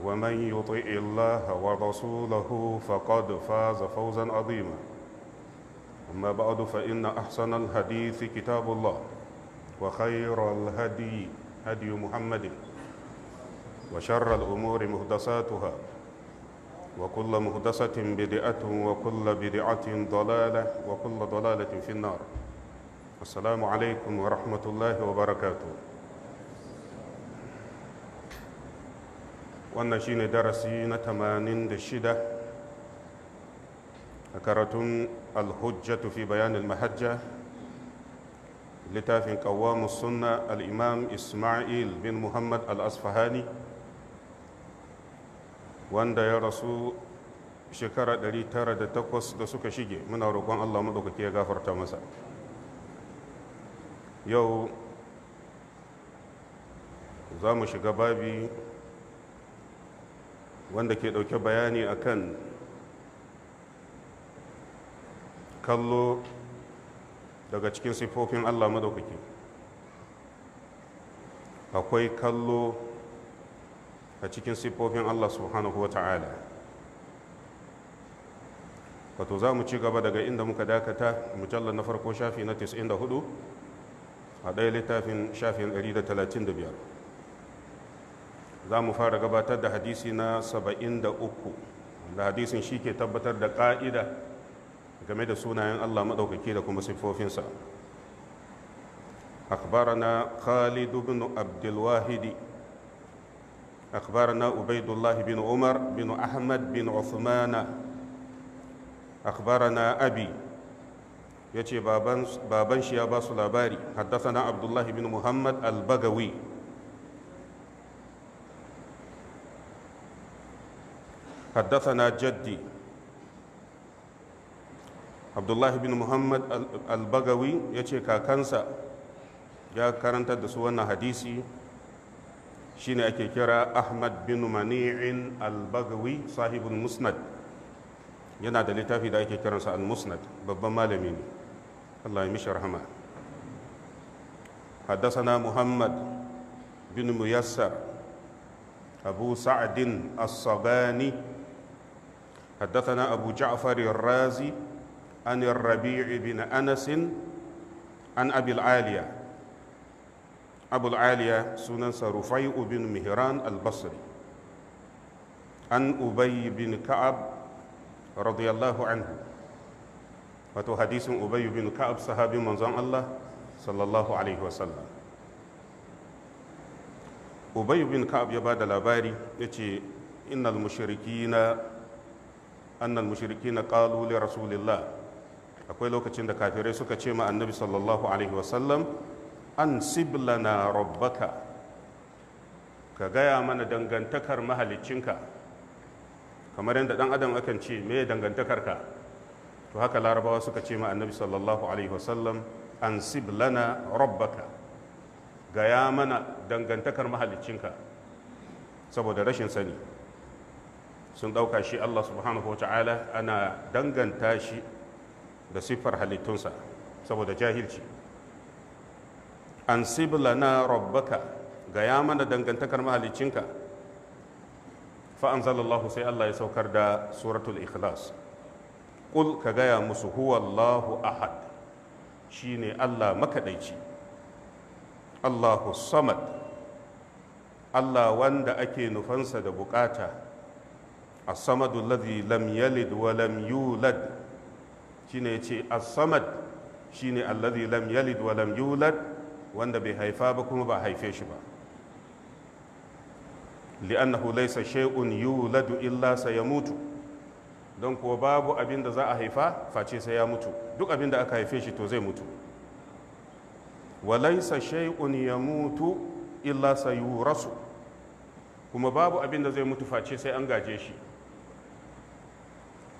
ومن يطع الله ورسوله فقد فاز فوزا عظيما أما بعد فإن أحسن الحديث كتاب الله وخير الهدي هدي محمد وشر الأمور مهدساتها وكل مهدسة بدعة وكل بدعة ضلالة وكل ضلالة في النار السلام عليكم ورحمة الله وبركاته wannan shine darasi na 86 a karatun alhujjatu fi bayanin mahajja littafin kawamu sunna al'imam ismail bin muhammad al-asfahani wanda ya rasu shekara 908 da suka shige muna roƙon allah maɗaukaki ya gafarta masa yau za mu shiga babi wanda ke ɗauke bayani akan kallo daga cikin siffofin allah maɗaukaki akwai kallo a cikin siffofin allah subhanahu wa ta'ala wato za mu ci gaba daga inda muka dakata mujallar na farko shafi na 94 a ɗaya littafin shafin 135 za mu fara gabatar da hadisi na 73 da da hadisin shi ke tabbatar da ƙa'ida game da sunayen Allah maɗaukaki da kuma siffofinsa akbarana khalid bin abdulwahidi akbarana ubaidullah bin umar bin ahmad bin uthmana akbarana abi ya ce baban shi ya basu labari haddasa na abdullahi bin muhammad Albagawi. حدثنا جدي عبد الله بن محمد البغوي يتي كاكنسا يا كرنت دسوانا حديثي شين أكي كرا أحمد بن منيع البغوي صاحب المسند yana da littafi da ake kiransa al-musnad babban malami ne Allah ya mishi rahama حدثنا محمد بن ميسر أبو سعد الصباني حدثنا أبو جعفر الرازي عن الربيع بن أنس عن أبي العالية أبو العالية سنن رفيع بن مهران البصري عن أبي بن كعب رضي الله عنه wato hadisin ubayyu bin ka'ab sahabin manzon Allah sallallahu alaihi wasallam ubayyu bin ka'ab ya bada labari yace innal mushrikina annal mushrikina qalu li rasulillah akwai lokacin da kafirai suka ce ma annabi sallallahu alaihi wasallam an siblana rabbaka ka gaya mana dangantakar mahaliccinka kamar yadda dan adam akan ce me dangantakarka to haka larabawa suka ce ma annabi sallallahu alaihi wasallam an siblana rabbaka gaya mana dangantakar mahaliccinka saboda rashin sani sun ɗauka shi Allah subhanahu wa ta'ala ana danganta shi da siffar halittunsa saboda jahilci an na rabbaka ga ya mana dangantakar mahalicinka fa'anzalallahu sai Allah ya saukar da suratul ikhlas ƙul ka gaya musu huwallahu ahad shi ne Allah makaɗaici Allahu samad Allah wanda ake nufansa da bukata as-samad alladhi lam yalid wa lam yulad shine yace as-samad shine alladhi lam yalid wa lam yulad wanda bai haifa ba kuma ba haife shi ba Li'an na li'annahu laysa shay'un yuladu illa sa ya mutu don kuwa babu abin da za a haifa face sai ya mutu duk abin da aka haife shi to zai mutu Walai wa laysa ya mutu illa sa rasu kuma babu abin da zai mutu face sai an gaje shi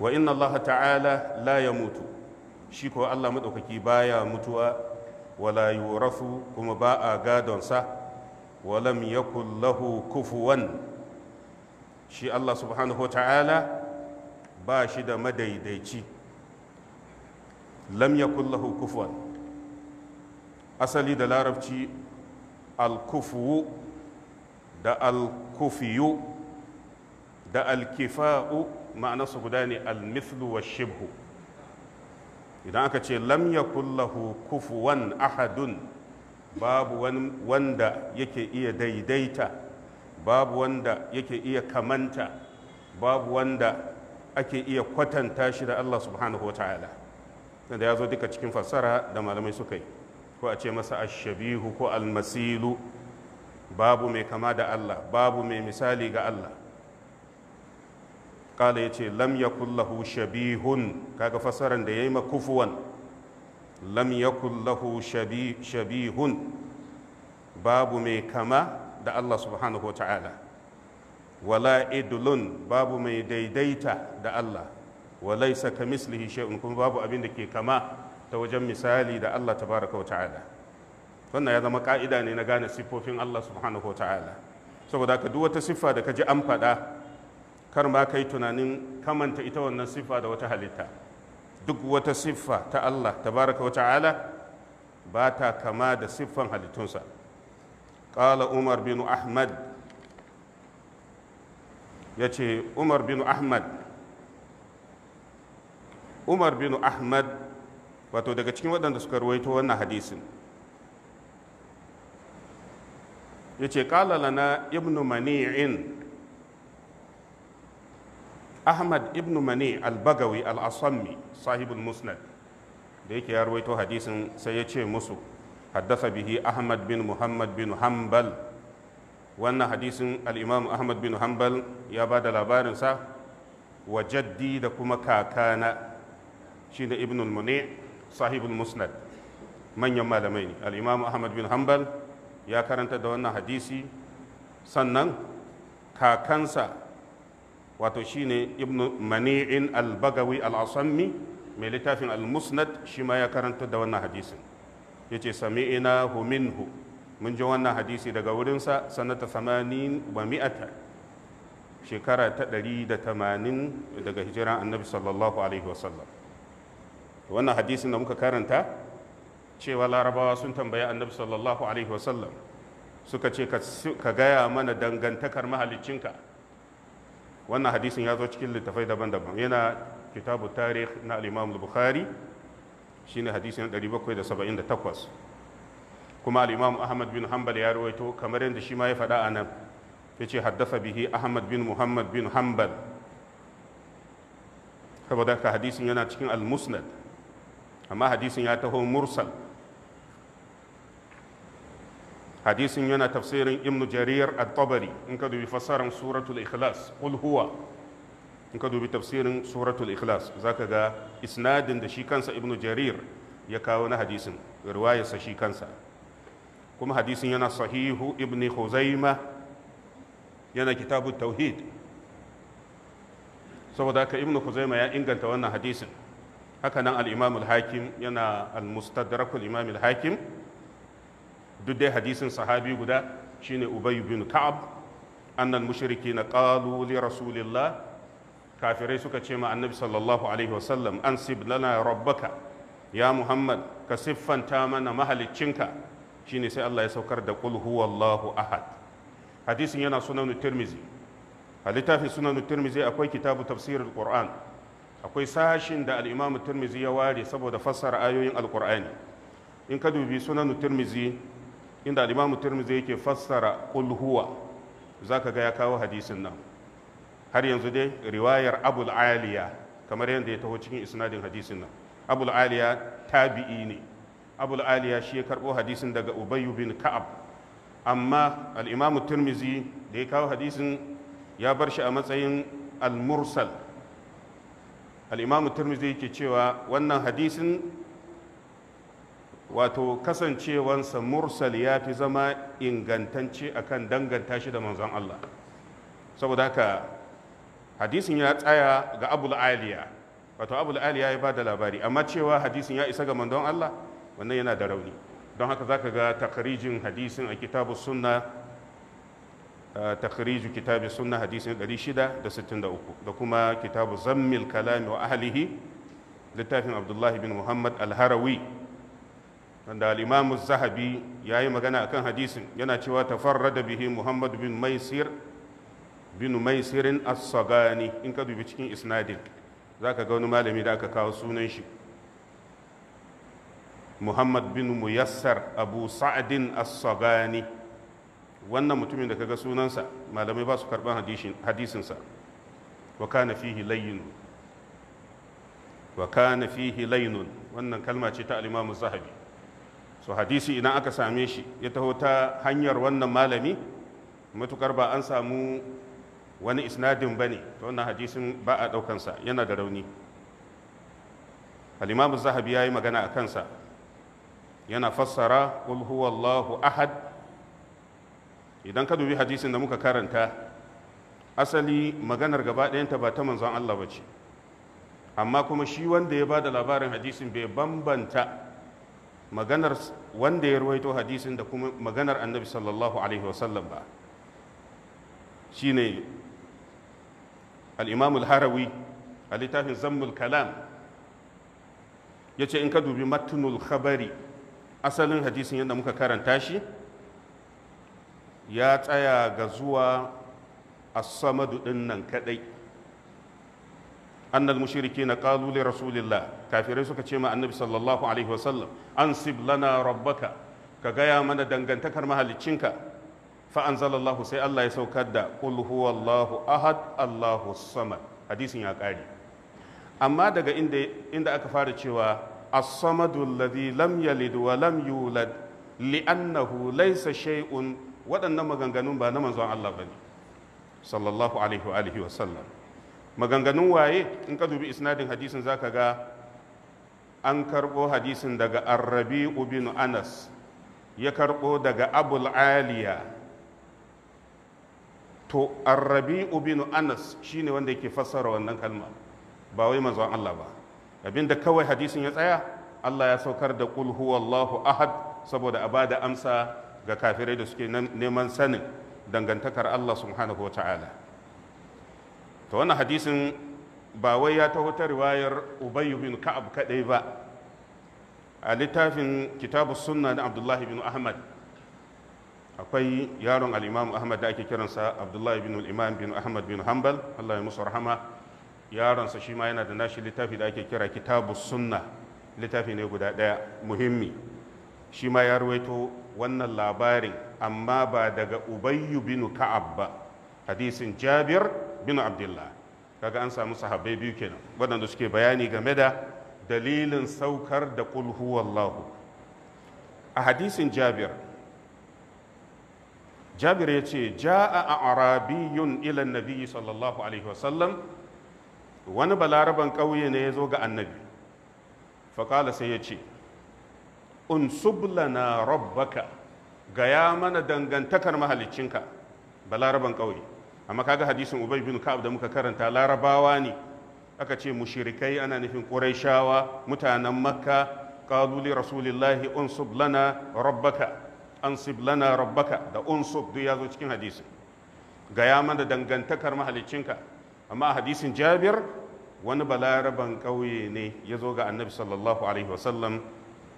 wa inna allaha ta'ala la ya mutu shi ko allah maɗaukaki baya mutuwa wala yurafu kuma ba a gadonsa walam yakul lahu kufuwan shi allah subhanahu ta'ala ba shi da madaidaici lam yakul lahu kufuwan asali da larabci alkufu da alkufiyu da alkifa'u ma'anarsu guda ne almithlu wa shibhu idan aka ce lam yakul lahu kufuwan ahadun babu wanda yake iya daidaita babu wanda yake iya kamanta babu wanda ake iya kwatanta shi da Allah subhanahu wa ta'ala da ya zo duka cikin fassara da malamai suka yi ko a ce masa ashabihu ko almasilu babu mai kama da Allah babu mai misali ga Allah kala ya ce lam yakul shabihun kaga fasaran da ya yi makufuwan lam yakul kullahu shabihun babu mai kama da Allah subhanahu wa ta'ala wala idulun babu mai daidaita da Allah walaisa ka mislihi shay'un kuma babu abin da ke kama ta wajen misali da Allah tabaraka wa ta'ala wannan ya zama ka'ida ne na gane siffofin Allah subhanahu wa ta'ala saboda ka duk wata siffa da ka ji an faɗa kar ma yi tunanin kamanta ita wannan siffa da wata halitta duk wata siffa ta Allah tabaraka wata'ala ba ta kama da siffan halittunsa ƙala umar bin ahmad ya ce umar bin ahmad umar bin ahmad wato daga cikin waɗanda suka ruwaito wannan hadisin ya ce ƙala na ibnu mani'in ahmad ibn mani al-bagawi al-asammi sahibul musnad da yake ya rawaito hadisin sai ya ce musu haddasa bihi ahmad bin muhammad bin hanbal wannan hadisin al-imam ahmad bin hanbal ya ba da labarinsa wa jaddi da kuma kakana shi da ibn muni sahibul musnad manyan malamai ne al-imam ahmad bin hanbal ya karanta da wannan hadisi sannan kakansa wato shine ibn mani'in al-bagawi al-asammi mai littafin al-musnad shi ma ya karanta da wannan hadisin yace sami'ina hu minhu mun ji wannan hadisi daga wurinsa sanata 80 wa mi'ata shekara ta tamanin daga hijiran annabi sallallahu alaihi wasallam wannan hadisin da muka karanta cewa larabawa sun tambayi annabi sallallahu alaihi wasallam suka ce ka gaya mana dangantakar mahaliccinka wannan hadisin ya zo cikin littafai daban-daban yana kitabu tarih na al-imam al-bukhari shine hadisin 778 kuma al-imam ahmad bin hanbal ya rawaito kamar yadda shi ma ya faɗa a nan yace haddasa bihi ahmad bin muhammad bin hanbal saboda ka hadisin yana cikin al-musnad amma hadisin ya taho mursal hadisin yana tafsirin ibn jarir al tabari in ka dubi fassarar suratul ikhlas qul huwa in ka dubi tafsirin suratul ikhlas zaka ga isnadin da shi kansa ibn jarir ya kawo na hadisin riwayarsa shi kansa kuma hadisin yana sahihu ibn khuzaima yana kitabu tauhid saboda haka ibn khuzaima ya inganta wannan hadisin haka nan al-imam al-hakim yana al-mustadrak al-imam al-hakim al imam al hakim yana al mustadrak al imam al hakim duk dai hadisin sahabi guda shine ubay bin ka'ab annal mushrikina qalu li rasulillah kafirai suka ce ma annabi sallallahu alaihi wasallam an lana rabbaka ya muhammad ka siffanta mana mahaliccinka shine sai Allah ya saukar da qul huwallahu ahad hadisin yana sunan tirmizi a littafin sunan tirmizi akwai kitabu tafsirul qur'an akwai sashin da al-imam tirmizi ya ware saboda fassara ayoyin Al-Qur'ani in ka dubi sunan tirmizi inda al-imamu yake fassara qul za zaka ga ya kawo hadisin nan har yanzu dai riwayar abul aliya kamar yadda ya taho cikin isnadin hadisin nan abul aliya tabi'i ne abul aliya shi ya karbo hadisin daga ubayyu bin ka'ab amma al-imamu da ya kawo hadisin ya bar shi a matsayin al-mursal al-imamu yake cewa wannan hadisin wato kasancewansa mursal ya fi zama ingantacce kan danganta shi da manzon Allah saboda haka hadisin ya tsaya ga abul aliya wato abul aliya ya ba da labari amma cewa hadisin ya isa ga manzon Allah wannan yana da rauni don haka zaka ga takrijin hadisin a kitabu sunna takhriju kitabu sunna hadisin 663 da kuma kitabu zammil kalami wa ahlihi littafin abdullahi bin muhammad al-harawi wanda al-imam zahabi yi magana akan hadisin yana cewa tafarrada bihi muhammad bin maisir bin maisirin as-sagani in ka dubi cikin isnadin zaka ga wani malami da aka kawo sunan shi muhammad bin muyassar abu sa'adin as-sagani wannan mutumin da ga sunansa malamai ba su karban hadisinsa wa kana fihi layyinun wa kana fihi laynun wannan kalma ce ta al zahabi so hadisi idan aka same shi ya taho ta hanyar wannan malami matukar ba an samu wani isnadin ba ne ta wannan hadisin ba a ɗaukansa yana da rauni alimamu zahabi ya yi magana a kansa yana fassara huwallahu ahad idan ka dubi hadisin da muka karanta asali maganar gaba ɗayanta ba ta manzon Allah ba ce amma kuma shi wanda ya ba da labarin hadisin bai bambanta maganar wanda ya ruwaito hadisin da kuma maganar annabi sallallahu alaihi wasallam ba shine al harawi a littafin zammul kalam ya ce in ka dubi matunul khabari asalin hadisin yadda muka karanta shi ya tsaya ga zuwa asamadu ɗin nan kaɗai annal mushrikina qalu li rasulillah kafirai suka ce ma annabi sallallahu alaihi wasallam ansib lana rabbaka ka gaya mana dangantakar mahaliccinka ka anzalallahu sai Allah ya saukar da qul huwallahu ahad Allahu samad hadisin ya kare amma daga inda aka fara cewa as-samadu alladhi lam yalid wa lam yulad li'annahu laysa shay'un waɗannan maganganun ba na manzon Allah bane sallallahu alaihi wa sallam maganganun waye in ka dubi isnadin hadisin zaka ga an karbo hadisin daga arrabi'u Ubinu anas ya karɓo daga abul aliya to arrabi'u Ubinu anas shine wanda yake fassara wannan kalma ba wai manzon Allah ba abinda kawai hadisin ya tsaya Allah ya saukar da kul huwallahu ahad saboda a bada amsa ga kafirai da suke neman sanin dangantakar Allah subhanahu wa ta'ala to wannan hadisin ba wai ya taho ta riwayar ubay bin ka'ab kadai ba a littafin kitabu sunna na abdullahi bin ahmad akwai yaron al'imam ahmad da ake kiransa abdullahi bin al'imam bin ahmad bin hanbal allah ya musu rahama yaronsa shi ma yana da nashi littafi da ake kira kitabu sunna littafi ne guda ɗaya muhimmi shi ma ya ruwaito wannan labarin amma ba daga ubayyu bin ka'ab ba hadisin jabir bin abdullah kaga an samu sahabbai biyu kenan waɗanda suke bayani game da dalilin saukar da qul huwallahu a hadisin jabir jabir ya ce ja'a a arabiyun ilan nabi sallallahu alaihi wasallam wani balaraban ƙauye ne ya zo ga annabi faƙala sai ya ce un sublana rabbaka gaya mana dangantakar mahalicinka balaraban ƙauye amma kaga hadisin ubay bin ka'ab da muka karanta larabawa ne aka ce mushrikai ana nufin quraishawa mutanen makka qalu li rasulillahi unsub lana rabbaka ansib lana rabbaka da unsub duk yazo cikin hadisin gaya mana dangantakar mahaliccinka amma hadisin jabir wani balaraban ƙauye ne ya zo ga annabi sallallahu alaihi wasallam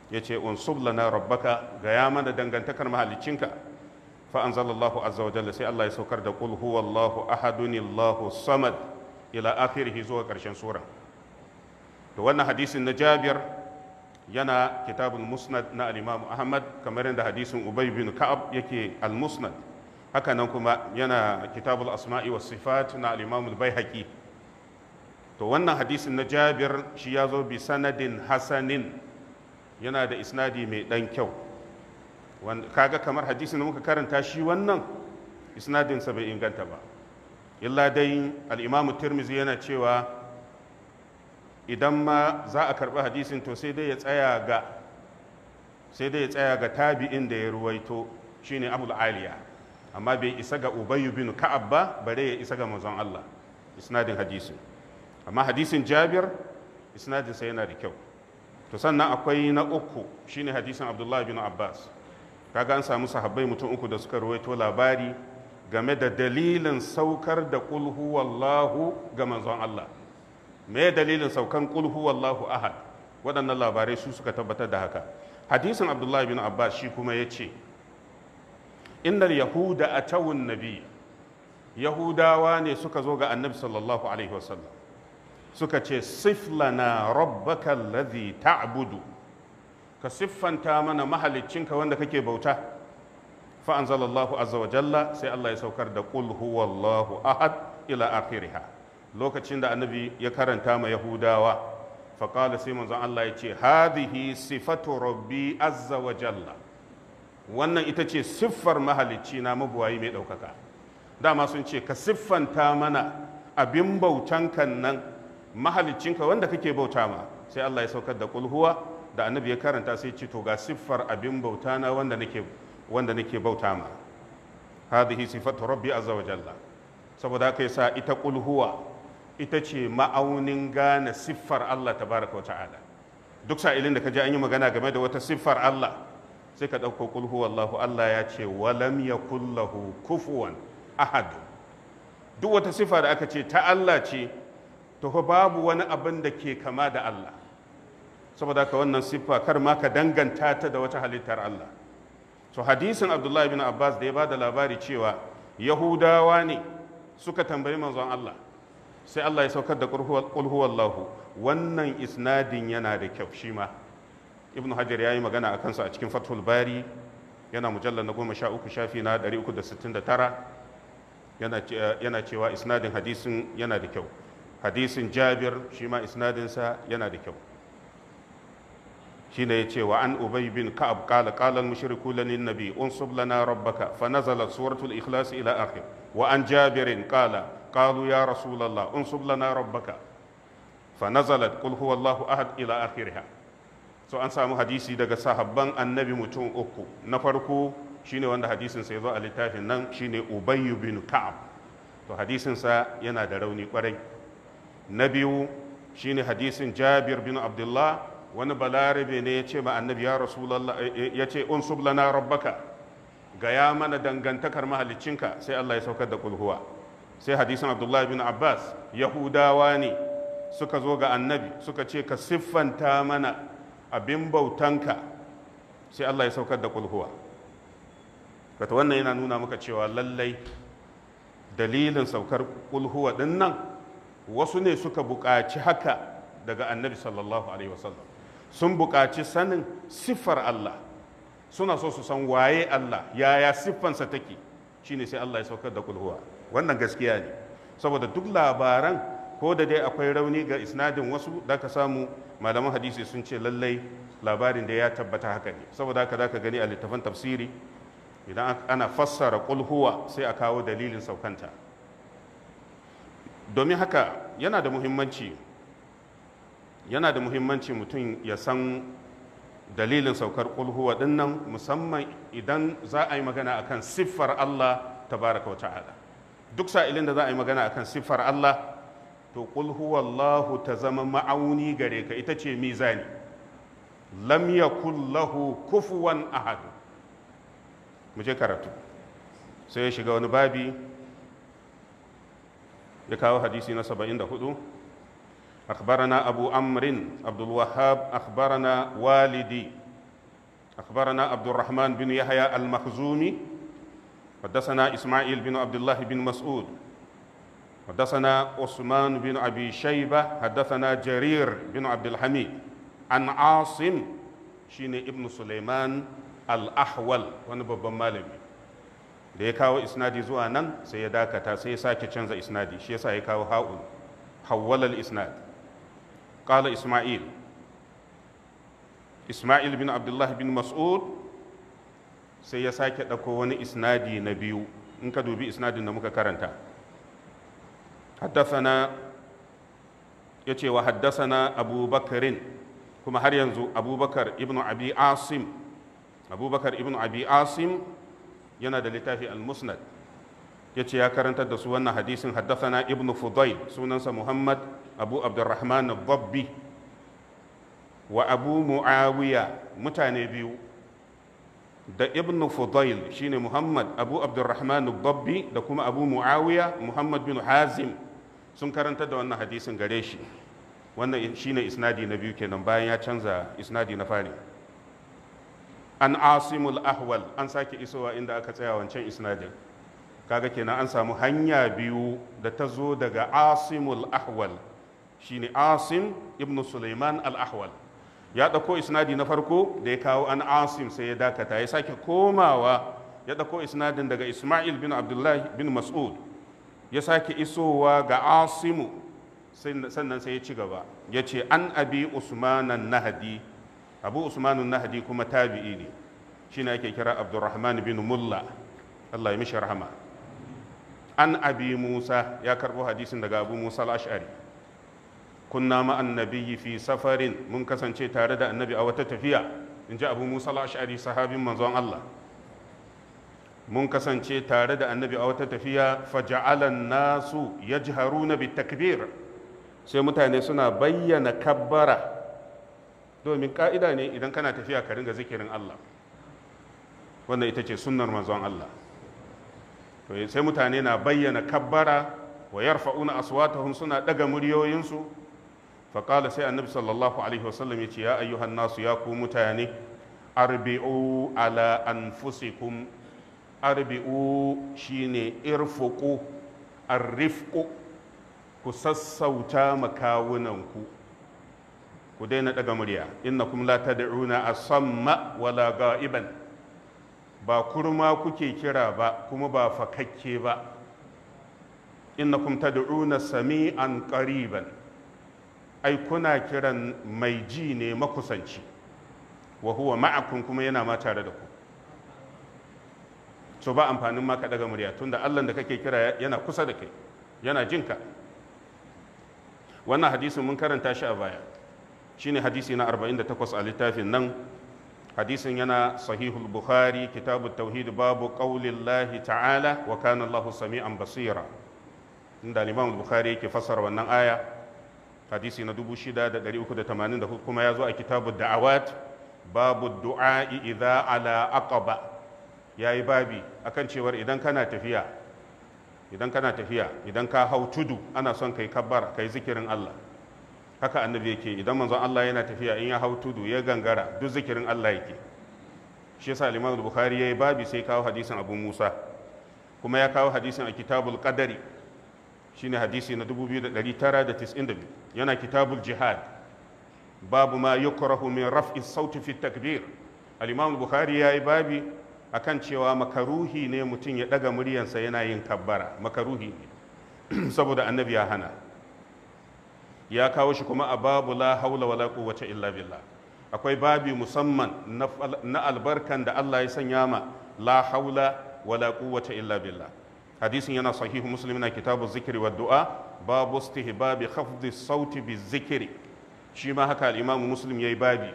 ya ce unsub lana rabbaka gaya mana dangantakar mahaliccinka fa anzalallahu azza wa jalla sai Allah ya saukar da qul huwallahu ahadun samad ila akhirih zuwa karshen sura to wannan hadisin na Jabir yana kitabul musnad na al Ahmad kamar yadda hadisin Ubay bin Ka'ab yake al-musnad haka nan kuma yana kitabun asma'i was sifat na al-Imam al to wannan hadisin na Jabir shi ya zo bi sanadin Hassanin yana da isnadi mai ɗan kyau kaga kamar hadisin da muka karanta shi wannan isnadinsa bai inganta ba illa dai al'imamu turmizi yana cewa idan ma za a karɓi hadisin to sai dai ya tsaya ga sai dai ya tsaya ga tabi'in da ya ruwaito shine abul aliya amma bai isa ga ubayyu bin ka'ab ba bare ya isa ga manzon Allah isnadin hadisin amma hadisin jabir isnadinsa yana da kyau to sannan akwai na uku shine hadisin abdullahi bin abbas kaga an samu sahabbai mutum uku da suka ruwaito labari game da dalilin saukar da kulhu wallahu ga manzon Allah me dalilin saukan kulhu wallahu ahad waɗannan labarai su suka tabbatar da haka hadisin abdullahi bin abbas shi kuma ya ce innal yahuda a tawun nabi yahudawa ne suka zo ga annabi sallallahu alaihi wasallam suka ce siflana rabbaka alladhi ta'budu ka siffanta mana mahaliccinka wanda kake bauta fa anzalallahu azza wa jalla sai Allah ya saukar da qul huwallahu ahad ila akhiriha lokacin da annabi ya karanta ma yahudawa fa sai manzon Allah ya ce hadihi sifatu rabbi azza wa jalla wannan ita ce siffar mahalicci na mabuwayi mai ɗaukaka dama sun ce ka siffanta mana abin bautan nan mahaliccinka wanda kake bauta ma sai Allah ya saukar da kulhuwa da annabi ya karanta sai ce to ga siffar abin bauta na wanda nake wanda nake bauta ma hadhihi sifatu rabbi azza wa jalla saboda haka yasa ita qul huwa ita ce ma'aunin gane siffar Allah tabaraka wa ta'ala duk sa'ilin da kaji an yi magana game da wata siffar Allah sai ka dauko qul huwallahu Allah ya ce walam yakul lahu kufuwan ahad duk wata siffa da aka ce ta Allah ce to babu wani abin da ke kama da Allah saboda ka wannan siffa kar ma ka danganta ta da wata halittar Allah to hadisin Abdullahi bin Abbas da ya bada labari cewa Yahudawa ne suka tambayi manzon Allah sai Allah ya saukar da qul huwallahu wannan isnadin yana da kyau shi ma Ibn Hajar yayi magana akan sa a cikin Fathul Bari yana mujallar na goma sha uku shafi na ɗari uku da sittin da tara yana cewa isnadin hadisin yana da kyau hadisin jabir shi ma isnadinsa yana da kyau shine yace wa an ubay bin ka'ab qala qala al mushriku lin nabi unsub lana rabbaka fa nazala suratul ikhlas ila akhir wa an jabirin qala qalu ya rasul allah unsub lana rabbaka fa nazalat qul huwa ahad ila akhirha so an samu hadisi daga sahabban annabi mutum uku na farko shine wanda hadisin sai zo a littafin nan shine ubay bin ka'ab to hadisin sa yana da rauni kwarai na biyu shine hadisin jabir bin abdullah wani balarabe ne ya ce ma annabi ya rasulallah eh, eh, ya ce unsub lana rabbaka gaya mana dangantakar mahaliccinka sai Allah ya saukar da kulhuwa sai hadisin abdullahi bin abbas yahudawa ne suka zo ga annabi suka ce ka siffanta mana abin bautanka sai Allah ya saukar da kulhuwa kata wannan yana nuna muka cewa lallai dalilin saukar kulhuwa din nan wasu ne suka buƙaci haka daga annabi sallallahu alaihi wasallam sun buƙaci sanin siffar Allah suna so su san waye Allah yaya siffansa take shine sai Allah ya saukar da kulhuwa wannan gaskiya ne saboda duk labaran ko da dai akwai rauni ga isnadin wasu da ka samu malaman hadisi sun ce lallai labarin da ya tabbata haka ne saboda haka za ka gani a littafin tafsiri idan ana fassara kulhuwa sai a kawo dalilin saukanta domin haka yana da muhimmanci yana da muhimmanci mutum ya san dalilin saukar kulhuwa dinnan musamman idan za a yi magana akan siffar Allah baraka wa ta'ala duk sa'ilin da za a yi magana akan siffar Allah to kulhuwa Lahu ta zama ma'auni gare ka ita ce mizani lam yakul lahu kufuwan ahad mu je karatu sai ya shiga wani babi ya kawo hadisi na 74 أخبرنا أبو عمرو عبد الوهاب أخبرنا والدي أخبرنا عبد الرحمن بن يحيى المخزومي حدثنا إسماعيل بن عبد الله بن مسعود حدثنا عثمان بن أبي شيبة حدثنا جرير بن عبد الحميد عن عاصم شين ابن سليمان الأحول ونبب مالبي da ya kawo isnadi zuwa nan sai ya dakata sai ya sake canza isnadi shi yasa ya kawo ha'un hawwalal isnad قال إسماعيل إسماعيل بن عبد الله بن مسعود سيساك أكون إسنادي نبيو إنك دوبي إسنادي نمك كرنتا حدثنا يتي وحدثنا أبو بكر كما هر ينزو أبو بكر ابن أبي عاصم أبو بكر ابن أبي عاصم ينادى لتافي المسند يتي يا كرنتا دسوانا حديث حدثنا ابن فضيل سننسى محمد abu abdurrahman babbi wa abu mu'awiya mutane biyu da ibn fudail shine muhammad abu abdurrahman babbi da kuma abu mu'awiya muhammad bin hazim sun karanta da wannan hadisin gare shi wannan shine isnadi na biyu kenan bayan ya canza isnadi na fari an asimul ahwal an sake isowa inda aka tsaya wancan isnadin kaga kenan an samu hanya biyu da ta zo daga asimul ahwal shine asim ibn sulaiman al-ahwal ya ɗauko isnadi na farko da ya kawo an asim sai ya dakata ya sake komawa ya ɗauko isnadin daga isma'il bin abdullahi bin mas'ud ya sake isowa ga asimu sannan sai ya ci gaba ya ce an abi usmanan nahadi abu usmanun nahadi kuma tabi'i ne shi ne ake kira abdurrahman bin mulla allah ya mishi rahama an abi musa ya karɓo hadisin daga abu musa al-ash'ari kunna ma annabi fi safarin mun kasance tare da annabi a wata tafiya in ji abu musa al-ash'ari sahabin manzon Allah mun kasance tare da annabi a wata tafiya faja'alan nasu ya yajharuna takbir sai mutane suna bayyana kabbara domin ka'ida ne idan kana tafiya ka ringa zikirin Allah wannan ita ce sunnar manzon Allah to sai mutane na bayyana kabbara wa yarfa'una aswatahum suna daga muryoyinsu faƙala sai annabi sallallahu alaihi wasallam ya ce ya ayyuhan nasu ya ku mutane arbi'u ala anfusikum arbi'u shine irfuku arrifku ku sassauta makawunanku ku daina daga murya innakum la tad'una asamma wala ga'iban ba kurma kuke kira ba kuma ba fakakke ba innakum tad'una sami'an qariban ai kuna kiran mai ji ne makusanci wa huwa ma'akun kuma yana ma tare da ku so ba amfanin ma ka daga murya tunda Allah da kake kira yana kusa da kai yana jin ka wannan hadisin mun karanta shi a baya shine hadisi na 48 a littafin nan hadisin yana sahihul bukhari kitabu tauhid babu qaulillahi ta'ala wa kana Allahu sami'an basira inda al-imam bukhari yake fassara wannan aya hadisi na 6384 kuma ya zo a kitabu da'awat babu du'a'i idza ala aqaba yayi babi akan cewar idan kana tafiya idan kana tafiya idan ka hau tudu ana son kai kabbara kai zikirin Allah haka annabi yake idan manzon Allah yana tafiya in ya hau tudu ya gangara duk zikirin Allah yake shi yasa Imam Bukhari yayi babi sai kawo hadisin Abu Musa kuma ya kawo hadisin a kitabul qadari shine hadisi na 2992 yana kitabul jihad babu ma yukrahu min raf'i sauti fi takbir al-imam bukhari yayi babi akan cewa makaruhi ne mutum ya daga muryansa yana yin kabbara makaruhi ne saboda annabi ya hana ya kawo shi kuma a babu la haula wala quwwata illa billah akwai babi musamman na albarkan da Allah ya sanya ma la haula wala quwwata illa billah hadisin yana sahihu muslim na kitabu zikiri wa du'a babu istihbabi khafdi sauti bi zikiri shi ma haka al-imam muslim yayi babi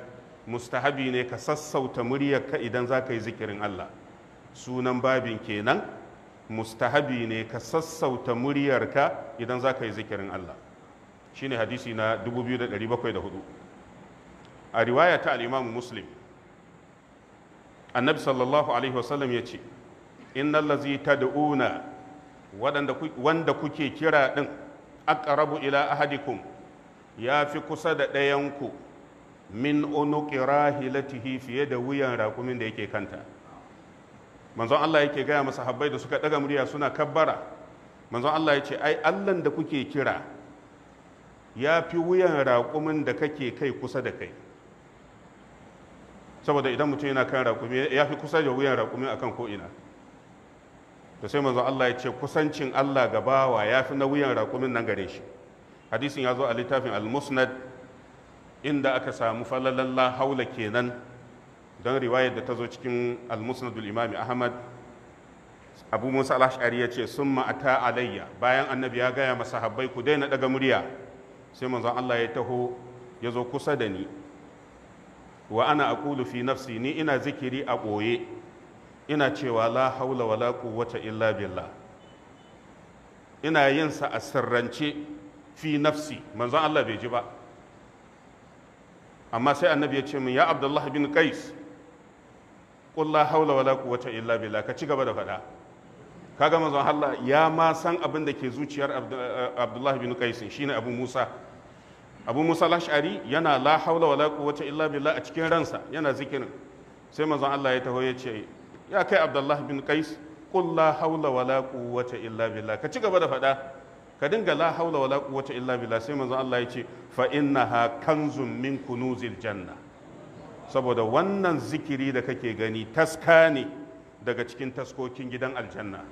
mustahabi ne ka sassauta muryarka idan za ka yi zikirin Allah sunan babin kenan mustahabi ne ka sassauta muryarka idan za ka yi zikirin Allah shine hadisi na 2704 a riwaya ta al-imam muslim annabi sallallahu alaihi wasallam ya ce innal lazi tad'una wanda kuke kira ɗin aqrabu ila ahadikum ya fi kusa da ɗayanku min unuqi rahilatihi fiye da wuyan raƙumin da yake kanta manzon Allah yake gaya masa habbai da suka ɗaga murya suna kabbara manzon Allah ya ce ai allan da kuke kira ya fi wuyan raƙumin da kake kai kusa da kai saboda idan mutum yana kan raƙumi ya fi kusa da wuyan a akan ko'ina da sai manzon Allah ya ce kusancin Allah ga bawa ya fi nauyin raƙumin nan gare shi hadisin ya zo a littafin al-musnad inda aka samu falalalla haula kenan don riwayar da ta zo cikin al-musnadul imami ahmad abu musa al-ash'ari ya ce sun ma'ata alayya bayan annabi ya gaya masa habbai ku daina daga murya sai manzon Allah ya taho ya zo kusa da ni wa ana aqulu fi nafsi ni ina zikiri a ɓoye ina cewa la haula wala quwwata illa billah ina yin sa a sirrance fi nafsi manzon Allah bai ji ba amma sai annabi ya ce min ya abdullah bin qais qul la haula wala quwwata illa billah ka ci gaba da faɗa kaga manzon Allah ya ma san abin da ke zuciyar eh, abdullah bin qais shine abu musa abu musa lashari yana la haula wala quwwata illa billah a cikin ransa yana zikirin sai manzon Allah ya taho ya ce ya kai abdullahi bin qais qul la haula wala quwwata illa billah ka ci gaba da faɗa ka dinga la haula wala quwwata illa billah sai manzon Allah ya ce fa innaha kanzun min kunuzil janna saboda wannan zikiri da kake gani taska ne daga cikin taskokin gidan aljanna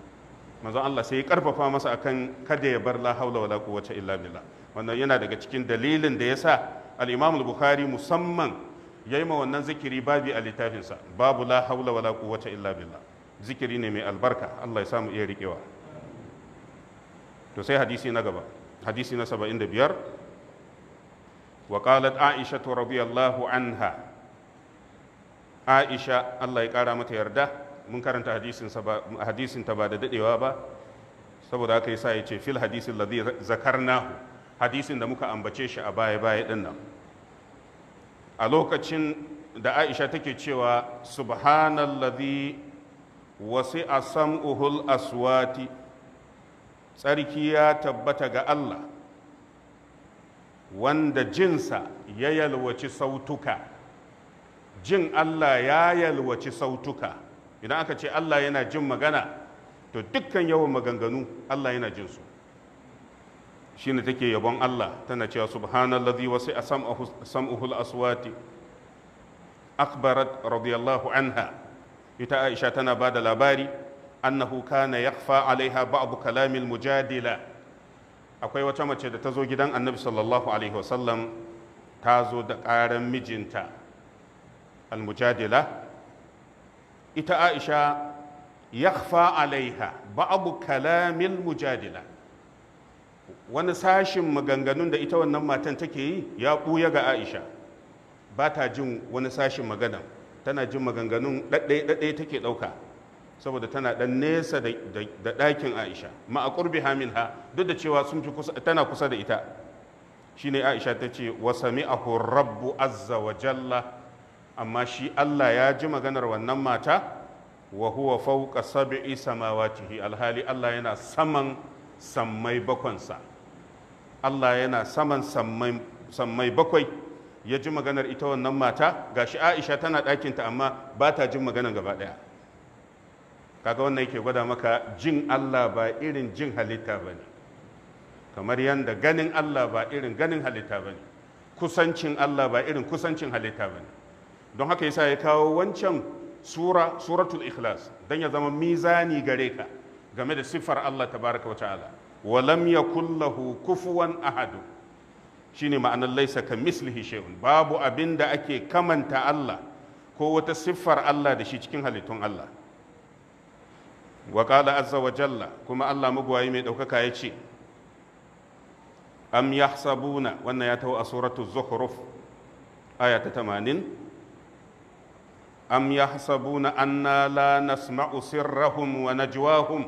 manzon Allah sai ya karfafa masa akan kada ya bar la haula wala quwwata illa billah wannan yana daga cikin dalilin da yasa al-Imam al-Bukhari musamman yayi ma wannan zikiri babi a littafinsa babu la haula wala quwwata illa billah zikiri ne mai albarka Allah ya samu iya rikewa to sai hadisi na gaba hadisi na 75 wa qalat aisha radiyallahu anha aisha Allah ya kara mata yarda mun karanta hadisin hadisin ta ba da dadewa ba saboda haka yasa yace fil hadisin ladhi zakarnahu hadisin da muka ambace shi a baya baya din nan a lokacin da aisha take cewa subhanalladhi wasi a sam'uhul aswati tsarki ya tabbata ga allah wanda jinsa ya yalwaci sautuka jin allah ya yalwaci sautuka idan aka ce allah yana jin magana to dukkan yawan maganganu allah yana jinsu shine take yabon Allah tana cewa subhanallazi wasi'a sam'ahu sam'uhu al-aswati akbarat radiyallahu anha ita Aisha tana bada labari annahu kana yakfa alaiha ba'd kalamil mujadila akwai wata mace da ta zo gidan annabi sallallahu alaihi wasallam ta zo da ƙaran mijinta al-mujadila ita Aisha yakfa alaiha ba'd kalamil mujadila wani sashin maganganun da ita wannan matan take yi ya ɓuya ga aisha ba ta jin wani sashin maganan tana jin maganganun ɗaɗɗe-ɗaɗɗe take ɗauka saboda tana ɗan nesa da ɗakin aisha ma a ƙurbi hamin ha duk da cewa sun fi tana kusa da ita Shi ne aisha ta ce wa sami'ahu rabbu azza wa jalla amma shi allah ya ji maganar wannan mata wa huwa fawqa sab'i samawatihi alhali allah yana saman sammai bakwansa Allah yana saman sammai bakwai ya ji maganar ita wannan mata gashi Aisha tana ɗakinta amma ba ta jin maganar gaba ɗaya kaga wannan yake gwada maka jin Allah ba irin jin halitta ba ne kamar yadda ganin Allah ba irin ganin halitta ba ne kusancin Allah ba irin kusancin halitta ba ne don haka yasa ya kawo wancan sura suratul ikhlas don ya zama mizani gare ka game da siffar Allah tabaraka wa ta'ala walam ya kullahu kufuwan ahadu shine ma'anar laisa ka mislihi shehun babu abinda da ake kamanta Allah ko wata siffar Allah da shi cikin halittun Allah wa azza wa jalla kuma Allah mugwayi mai ɗaukaka ya ce am yahsabuna wannan ya taho a suratu zukhruf aya ta 80 am yahsabuna anna la nasma'u sirrahum wa najwahum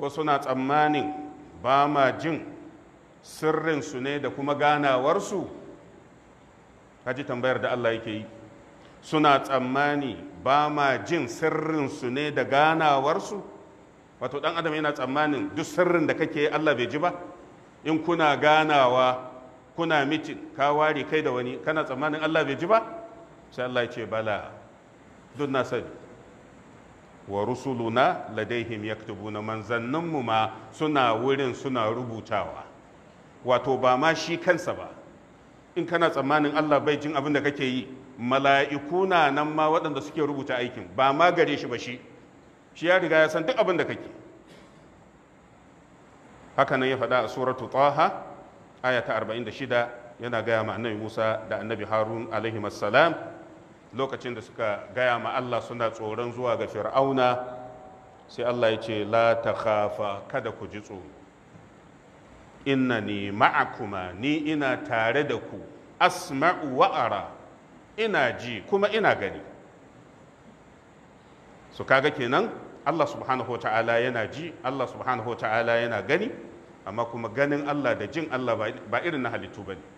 ko suna tsammanin ba ma jin sirrinsu ne da kuma ganawarsu kaji tambayar da Allah yake yi suna tsammani ba ma jin sirrinsu ne da ganawarsu wato dan adam yana tsammanin duk sirrin da kake Allah bai ji ba in kuna ganawa kuna mitin ka ware kai da wani kana tsammanin Allah bai ji ba sai Allah ya ce bala duk na sani wa rusuluna ladaihim yaktubuna manzanninmu ma suna wurin suna rubutawa wato ba ma shi kansa ba in kana tsammanin Allah bai jin abin da kake yi mala'iku na nan ma waɗanda suke rubuta aikin ba ma gare shi ba shi shi ya riga ya san duk abin da kake haka nan ya faɗa a suratu taha aya ta 46 yana gaya ma annabi Musa da annabi Harun alaihi salam lokacin da suka gaya ma Allah suna tsoron zuwa ga fir'auna sai Allah ya ce la ta khafa kada ku ji tsoro innani ma'akuma ni ina tare da ku asma'u wa'ara ina ji kuma ina gani su kaga kenan Allah subhanahu ta'ala yana ji Allah subhanahu ta'ala yana gani amma kuma ganin Allah da jin Allah ba irin na halittu bane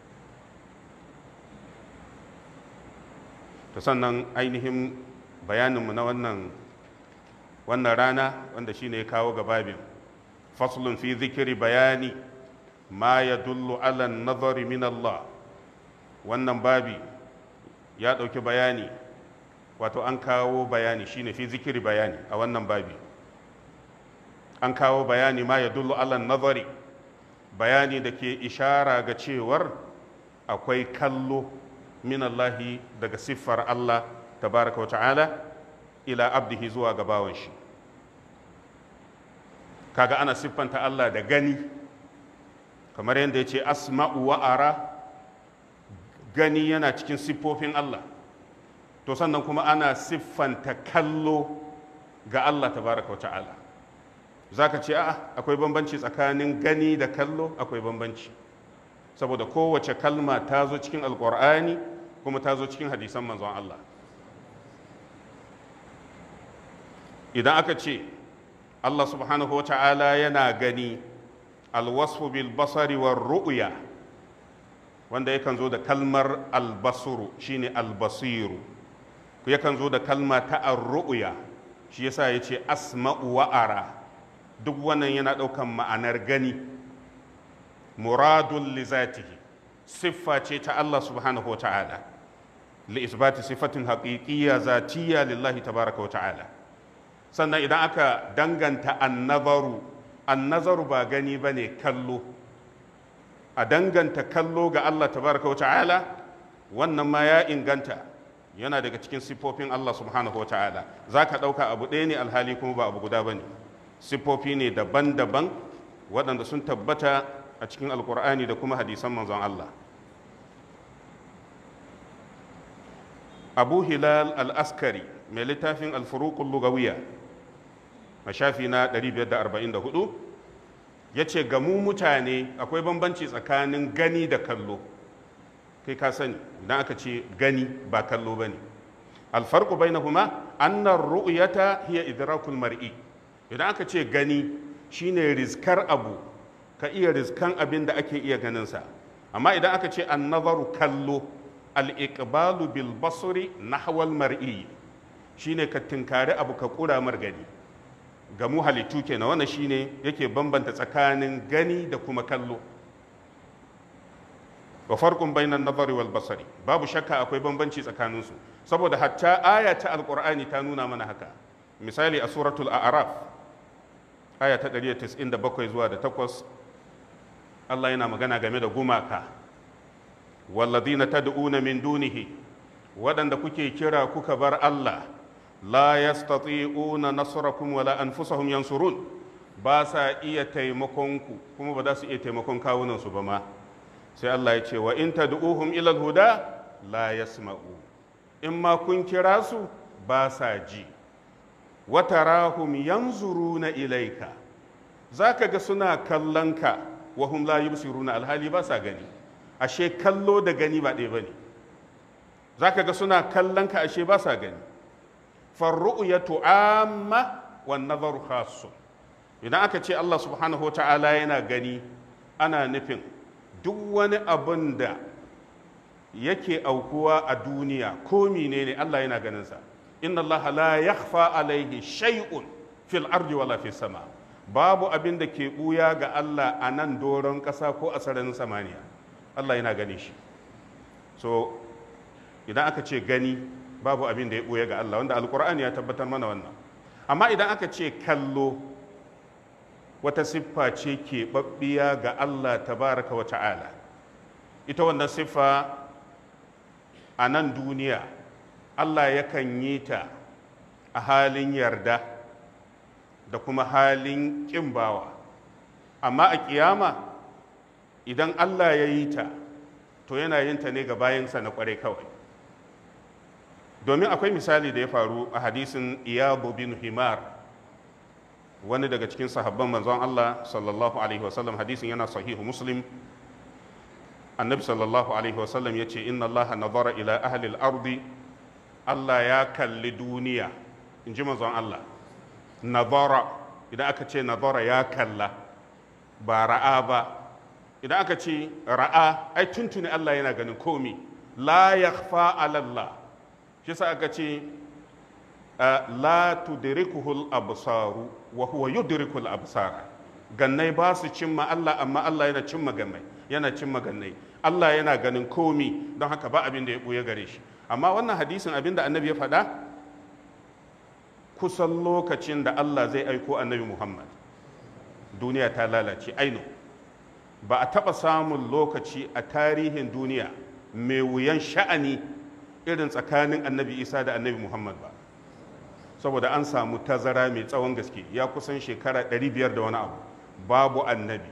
Ta sannan ainihin bayaninmu na wannan wannan rana wanda shi ne ya kawo ga babin faslun fi zikiri bayani ma ya dullu ala nazari min Allah wannan babi ya ɗauki bayani wato an kawo bayani shine fi zikiri bayani a wannan babi an kawo bayani ma ya dullu ala nazari bayani da ke ishara ga cewar akwai kallo minallahi daga siffar Allah baraka wa ta'ala ila abdihi zuwa gabawan shi kaga ana siffanta Allah da gani kamar yadda ya ce asma'u wa'ara gani yana cikin siffofin Allah to sannan kuma ana siffanta kallo ga Allah tabaraka wa ta'ala za ka ce a'a akwai bambanci tsakanin gani da kallo akwai bambanci saboda kowace kalma ta zo cikin alkur'ani kuma ta zo cikin hadisan manzon Allah idan aka ce Allah subhanahu ta'ala yana gani alwasfu bil basari war ru'ya wanda yakan zo da kalmar albasuru shine albasiru yakan zo da kalma ta ar-ru'ya shi yasa yace asma'u wa ara duk wannan yana daukan ma'anar gani muradun li zatihi siffa ce ta Allah subhanahu ta'ala. li isbati sifatin haqiqiyya zatiyya lillahi tabaraka wa ta'ala sannan idan aka danganta annazaru annazaru ba gani bane kallo a danganta kallo ga Allah tabaraka wa ta'ala wannan ma ya inganta yana daga cikin siffofin Allah subhanahu wa ta'ala za ka ɗauka abu ɗaya ne alhali kuma ba abu guda ba ne siffofi ne daban-daban waɗanda sun tabbata a cikin Alƙur'ani da kuma hadisan manzon Allah abu hilal al-askari mai littafin alfurukun lugawiya a shafi na 544 ya ce ga mu mutane akwai bambanci tsakanin gani da kallo kai ka sani idan aka ce gani ba kallo ba ne alfarku bai na kuma annan ru'uyata hiya idrakul mar'i idan aka ce gani shine rizkar abu ka iya rizkan abin da ake iya ganinsa amma idan aka ce annazaru kallo al-iqbalu bil basri nahwal mar'i ne ka tinkari abu ka kura margani ga mu halittu kenan wannan ne yake bambanta tsakanin gani da kuma kallo wa farkon bainan nazari wal basari babu shakka akwai bambanci tsakaninsu saboda hatta aya ta ta nuna mana haka misali a suratul a'raf aya ta 197 zuwa da 8 Allah yana magana game da gumaka walladina tad'una min dunihi waɗanda kuke kira kuka bar Allah la yastati'una nasrakum wala anfusahum yansurun ba sa iya taimakonku kuma ba za su iya taimakon kawunansu ba ma sai Allah yace ce wa in tad'uhum ila huda la yasma'u in ma kun kira su ba sa ji wa tarahum yanzuruna ilaika zaka ga suna kallon ka wa hum la yubsiruna alhali ba sa gani ashe kallo da gani ba ɗaya ba ne za ka ga suna kallon ka ashe ba sa gani farru'u ya tu'amma wa nazaru khasu idan aka ce Allah subhanahu ta'ala yana gani ana nufin duk wani abin da yake aukuwa a duniya ko ne Allah yana ganin sa inna Allah la yakhfa alaihi shay'un fil ardi wala sama babu abin da ke buya ga Allah a nan doron ƙasa ko a sararin samaniya Allah yana ganin shi so idan aka ce gani babu abin da ya ɓoye ga Allah wanda alkur'ani ya tabbatar mana wannan amma idan aka ce kallo wata siffa ce ke keɓaɓɓiya ga Allah Ta baraka wa ta'ala ita wannan siffa a nan duniya Allah yakan yi ta a halin yarda da kuma halin ƙimbawa amma a ƙiyama idan Allah ya yi ta to yana yin ta ne ga bayansa na kwarai kawai domin akwai misali da ya faru a hadisin iyabu bin himar wani daga cikin sahabban manzon Allah sallallahu alaihi wasallam hadisin yana sahihu muslim annabi sallallahu alaihi wasallam ya ce inna Allah nazara ila ahli ardi Allah ya kalli duniya in ji manzon Allah nazara idan aka ce nazara ya kalla ba ra'a ba idan aka ce ra'a ai tuntuni Allah yana ganin komi la yakhfa ala Allah shi sa aka ce la tudrikuhu al-absaru wa huwa yudriku al-absara gannai ba su cimma Allah amma Allah yana cimma gannai yana cimma gannai Allah yana ganin komi don haka ba abin da ya buya gare shi amma wannan hadisin abin da annabi ya faɗa kusan lokacin da Allah zai aiko annabi Muhammad duniya ta lalace ainihin ba a taɓa samun lokaci a tarihin duniya mai wuyan sha'ani irin tsakanin annabi isa da annabi muhammad ba saboda an samu tazara mai tsawon gaske ya kusan shekara 500 da wani abu babu annabi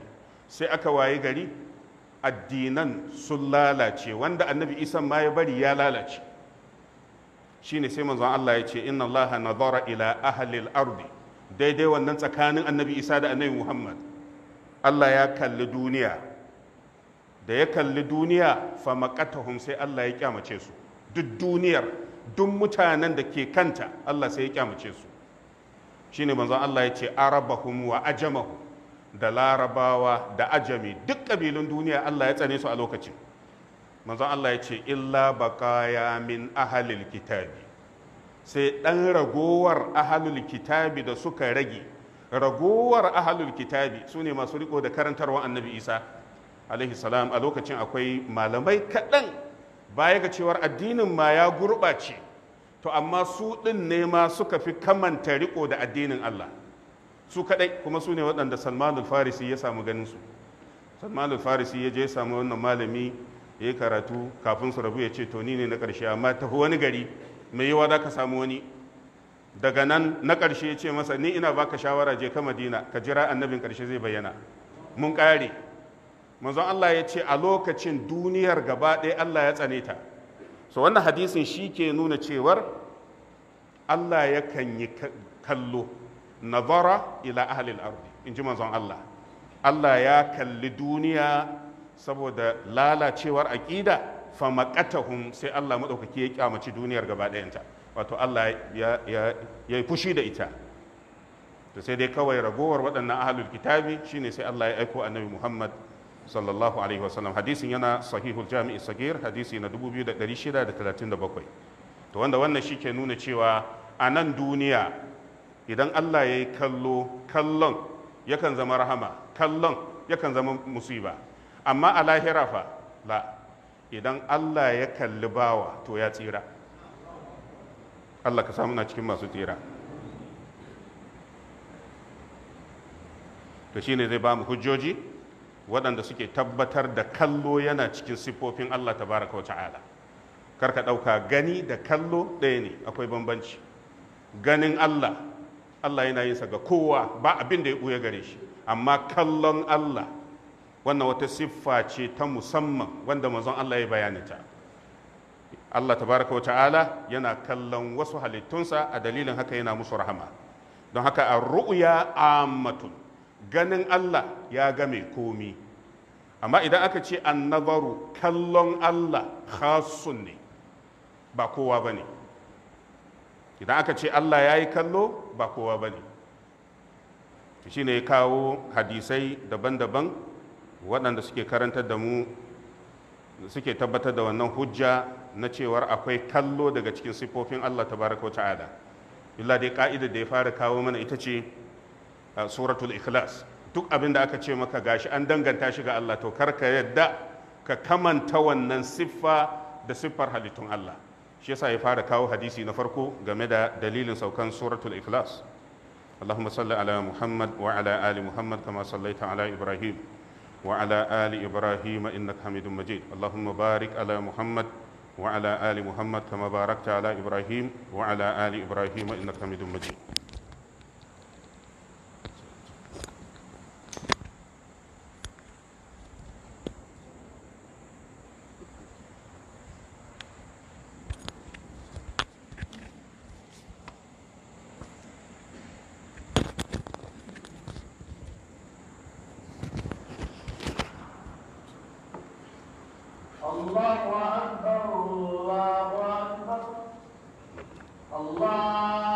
sai aka waye gari addinan sun lalace wanda annabi isa ma ya bari ya lalace shine sai manzon Allah ya ce inna Allah nazara ila ahlil ardi daidai wannan tsakanin annabi isa da annabi muhammad Allah ya kalli duniya da ya kalli duniya fa maqatahum sai Allah ya kyamace su duk duniyar duk mutanen da ke kanta Allah sai ya kyamace su shine manzon Allah ya ce arabahum wa ajamahum da larabawa da ajami duk kabilun duniya Allah ya tsane su a lokacin manzon Allah ya ce illa baqaya min ahalil kitabi sai dan ragowar ahalul kitabi da suka rage raguwar ahalul kitabi su ne masu riko da karantarwa annabi isa alaihi salam a lokacin akwai malamai kaɗan baya ga cewar addinin ma ya gurɓace to amma su ɗin ne ma suka fi kamanta riko da addinin allah su kaɗai kuma su ne waɗanda salmanul farisi ya samu ganin su salmanul farisi ya je ya samu wannan malami ya yi karatu kafin su rabu ya ce to ni ne na ƙarshe amma tafi wani gari mai yawa za ka samu wani daga nan na ƙarshe ya ce masa ni ina baka shawara je ka madina ka jira annabin ƙarshe zai bayyana mun ƙare manzon Allah ya ce a lokacin duniyar gaba ɗaya Allah ya tsane ta so wannan hadisin shi ke nuna cewar Allah ya kan yi kallo nazara ila ahalil ardi in ji manzon Allah Allah ya kalli duniya saboda lalacewar aƙida fa maƙatahum sai Allah maɗaukaki ya kyamaci duniyar gaba ɗayanta wato Allah ya yi fushi da ita to sai dai kawai ragowar waɗannan ahalul kitabi shine sai Allah ya aiko annabi Muhammad sallallahu alaihi wasallam hadisin yana sahihul jami'i sagir hadisi na 2637 to wanda wannan shi ke nuna cewa a nan duniya idan Allah ya yi kallo kallon yakan zama rahama kallon yakan zama musiba amma a lahira fa la idan Allah ya kalli bawa to ya tsira Allah ka samu na cikin masu tsira to ne zai ba mu hujjoji waɗanda suke tabbatar da kallo yana cikin siffofin Allah Ta baraka wa ta'ala karka ɗauka gani da kallo ɗaya ne akwai bambanci ganin Allah Allah yana yin sa ga kowa ba abin da ya ɓuya gare shi amma kallon Allah wannan wata siffa ce ta musamman wanda manzon Allah ya bayanita ta Allah Ta tabaraka ta'ala yana kallon wasu halittunsa a dalilin haka yana musu rahama don haka a Ru'ya ammatun ganin Allah ya game komi amma idan aka ce annabaru kallon Allah khasun ne ba kowa ba ne idan aka ce Allah ya yi kallo ba kowa ba ne shi ne kawo hadisai daban-daban waɗanda suke karantar da mu suke tabbatar da wannan hujja na cewar akwai kallo daga cikin siffofin Allah ta wata ta'ala illa dai ka'idar da ya fara kawo mana ita ce suratul ikhlas duk abin da aka ce maka gashi an danganta shi ga Allah to kar ka yadda ka kamanta wannan siffa da siffar halittun Allah shi yasa ya fara kawo hadisi na farko game da dalilin saukan suratul ikhlas اللهم صل على محمد وعلى آل محمد كما صليت على إبراهيم وعلى آل إبراهيم إنك حميد مجيد اللهم بارك على محمد وعلى آل محمد كما باركت على إبراهيم وعلى آل إبراهيم إنك حميد مجيد Allah.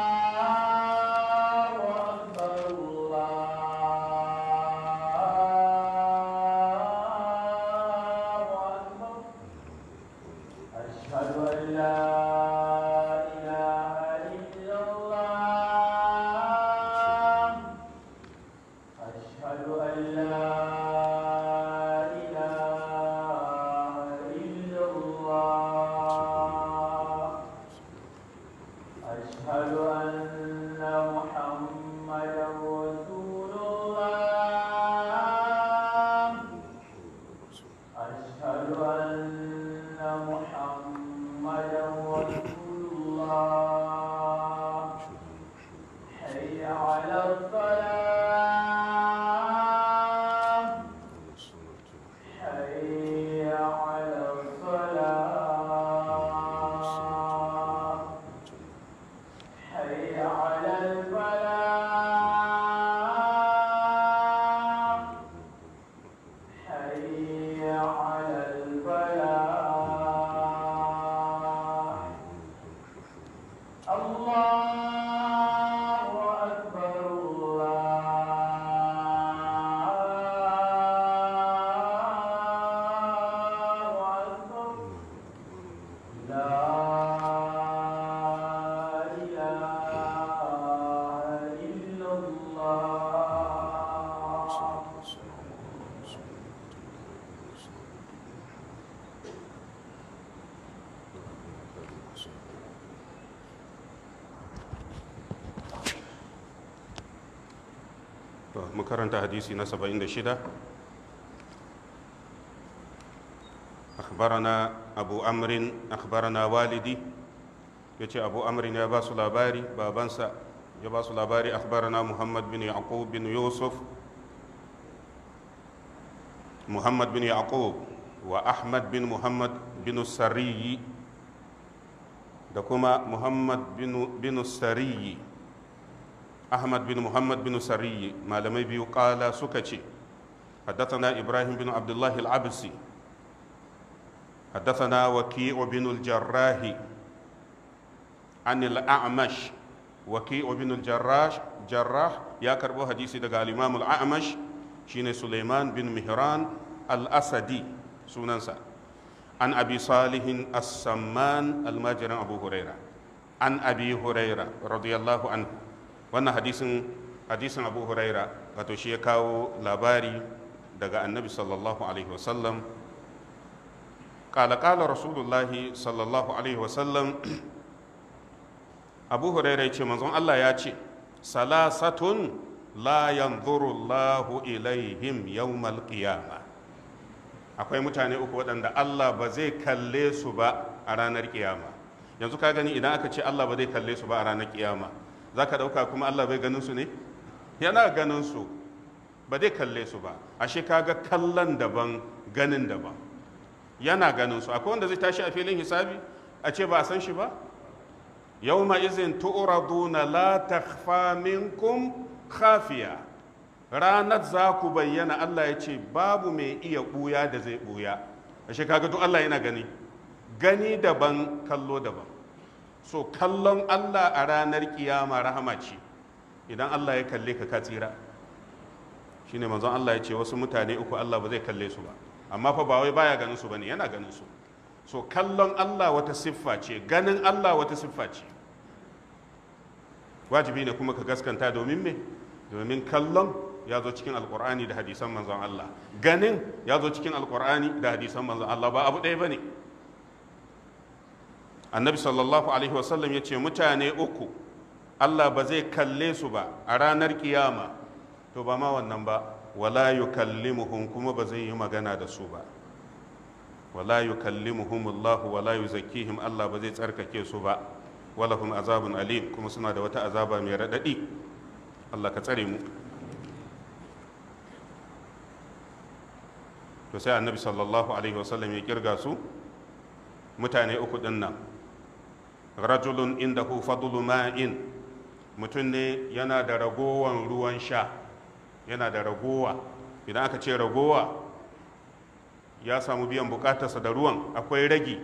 karanta hadisi na 76 akhbarana walidi ya ce ya ba su labari babansa wa ahmad bin muhammad da kuma muhammad bin ahmad bin muhammad bin sariyi malamai biyu kala suka ce حدثنا إبراهيم بن عبد الله العبسي حدثنا وكيع بن الجراح عن الأعمش وكيع بن الجراح جراح يا كربو حديثي دقال الإمام الأعمش شين سليمان بن مهران الأسدي سننسى عن أبي صالح السمان الماجر أبو هريرة عن أبي هريرة رضي الله عنه wannan hadisin hadisin abu huraira wato shi ya kawo labari daga annabi sallallahu alaihi wasallam ƙalaƙala rasulullahi sallallahu alaihi wasallam abu huraira ya ce manzon allah ya ce salasatun la yanzuru allahu ilaihim yawmal qiyama akwai mutane uku waɗanda allah ba zai kalle su ba a ranar kiyama yanzu ka gani idan aka ce allah ba zai kalle su ba a ranar kiyama za ka ɗauka kuma Allah bai ganin su ne yana ganin su ba zai kalle su ba ashe kaga kallon daban ganin daban yana ganin su akwai wanda zai tashi a filin hisabi a ce ba a san shi ba ma izin tu'raduna la takhfa minkum khafiya ranar za ku bayyana Allah ya ce babu mai iya ɓuya da zai ɓuya a kaga duk Allah yana gani gani daban kallo daban so kallon Allah a ranar kiyama rahama ce idan Allah ya kalle ka ka tsira shine manzon Allah ya ce wasu mutane uku Allah ba zai kalle su ba amma fa ba wai baya ganin su bane yana ganin su so kallon Allah wata siffa ce ganin Allah wata siffa ce wajibi ne kuma ka gaskanta domin me domin kallon ya zo cikin alkur'ani da hadisan manzon Allah ganin ya zo cikin alkur'ani da hadisan manzon Allah ba abu ɗaya bane ne annabi sallallahu alaihi wasallam ya ce mutane uku allah ba zai kalle su ba a ranar kiyama to ba ma wannan ba wala muhun kuma ba zai yi magana da su ba wala muhun allah wala zakihim allah ba zai tsarkake su ba walahum azabun alim kuma suna da wata azaba mai raɗaɗi allah ka tsare mu to sai annabi sallallahu alaihi wasallam ya kirga su mutane uku din nan rajulun indahu fadlu ma'in mutum ne yana da ragowan ruwan sha yana da ragowa idan aka ce ragowa ya samu biyan bukatarsa da ruwan akwai ragi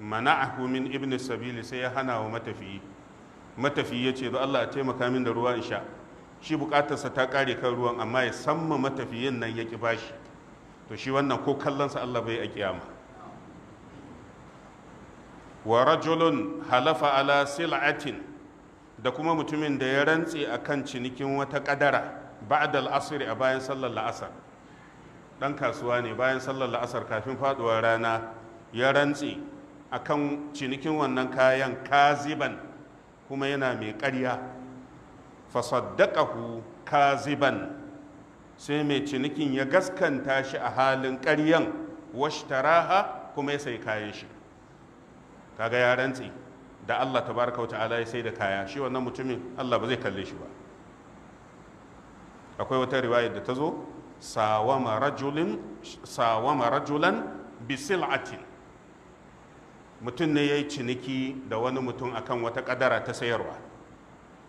a min ibn sabili sai ya hana wa matafiyi matafiyi ya ce da Allah taimaka min da ruwan sha shi bukatarsa ta kare kan ruwan amma ya samma matafiyin nan ya ki bashi to shi wannan ko kallonsa Allah bai a kiyama wa rajulun halafa ala sil'atin da kuma mutumin da ya rantse akan cinikin wata kadara ba'da al'asr a bayan sallar la'asar dan kasuwa ne bayan sallar la'asar kafin faduwar rana ya rantse akan cinikin wannan kayan kaziban kuma yana mai ƙarya fasaddaqahu kaziban sai mai cinikin ya gaskanta shi a halin ƙaryan washtaraha kuma ya sai kayan shi kaga ya rantse da Allah tabaraka ala ya sai da kaya shi wannan mutumin Allah ba zai kalle shi ba akwai wata riwaya da ta zo sawama rajulin sawama rajulan mutum ne ya yi ciniki da wani mutum akan wata kadara ta sayarwa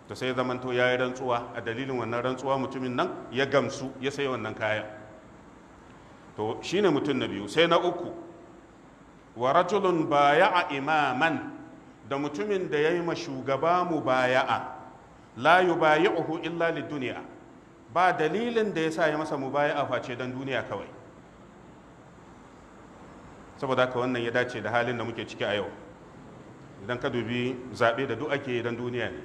ta sai zamanto ya yi rantsuwa a dalilin wannan rantsuwa mutumin nan ya gamsu ya sayi wannan kaya to shine mutum na biyu sai na uku wa rajulun baya'a imaman da mutumin da ya yi ma shugaba mu baya'a la yubayi'uhu illa lidduniya ba dalilin da ya sa ya masa mu baya'a face don duniya kawai saboda haka wannan ya dace da halin da muke ciki a yau idan ka dubi zaɓe da duk ake don duniya ne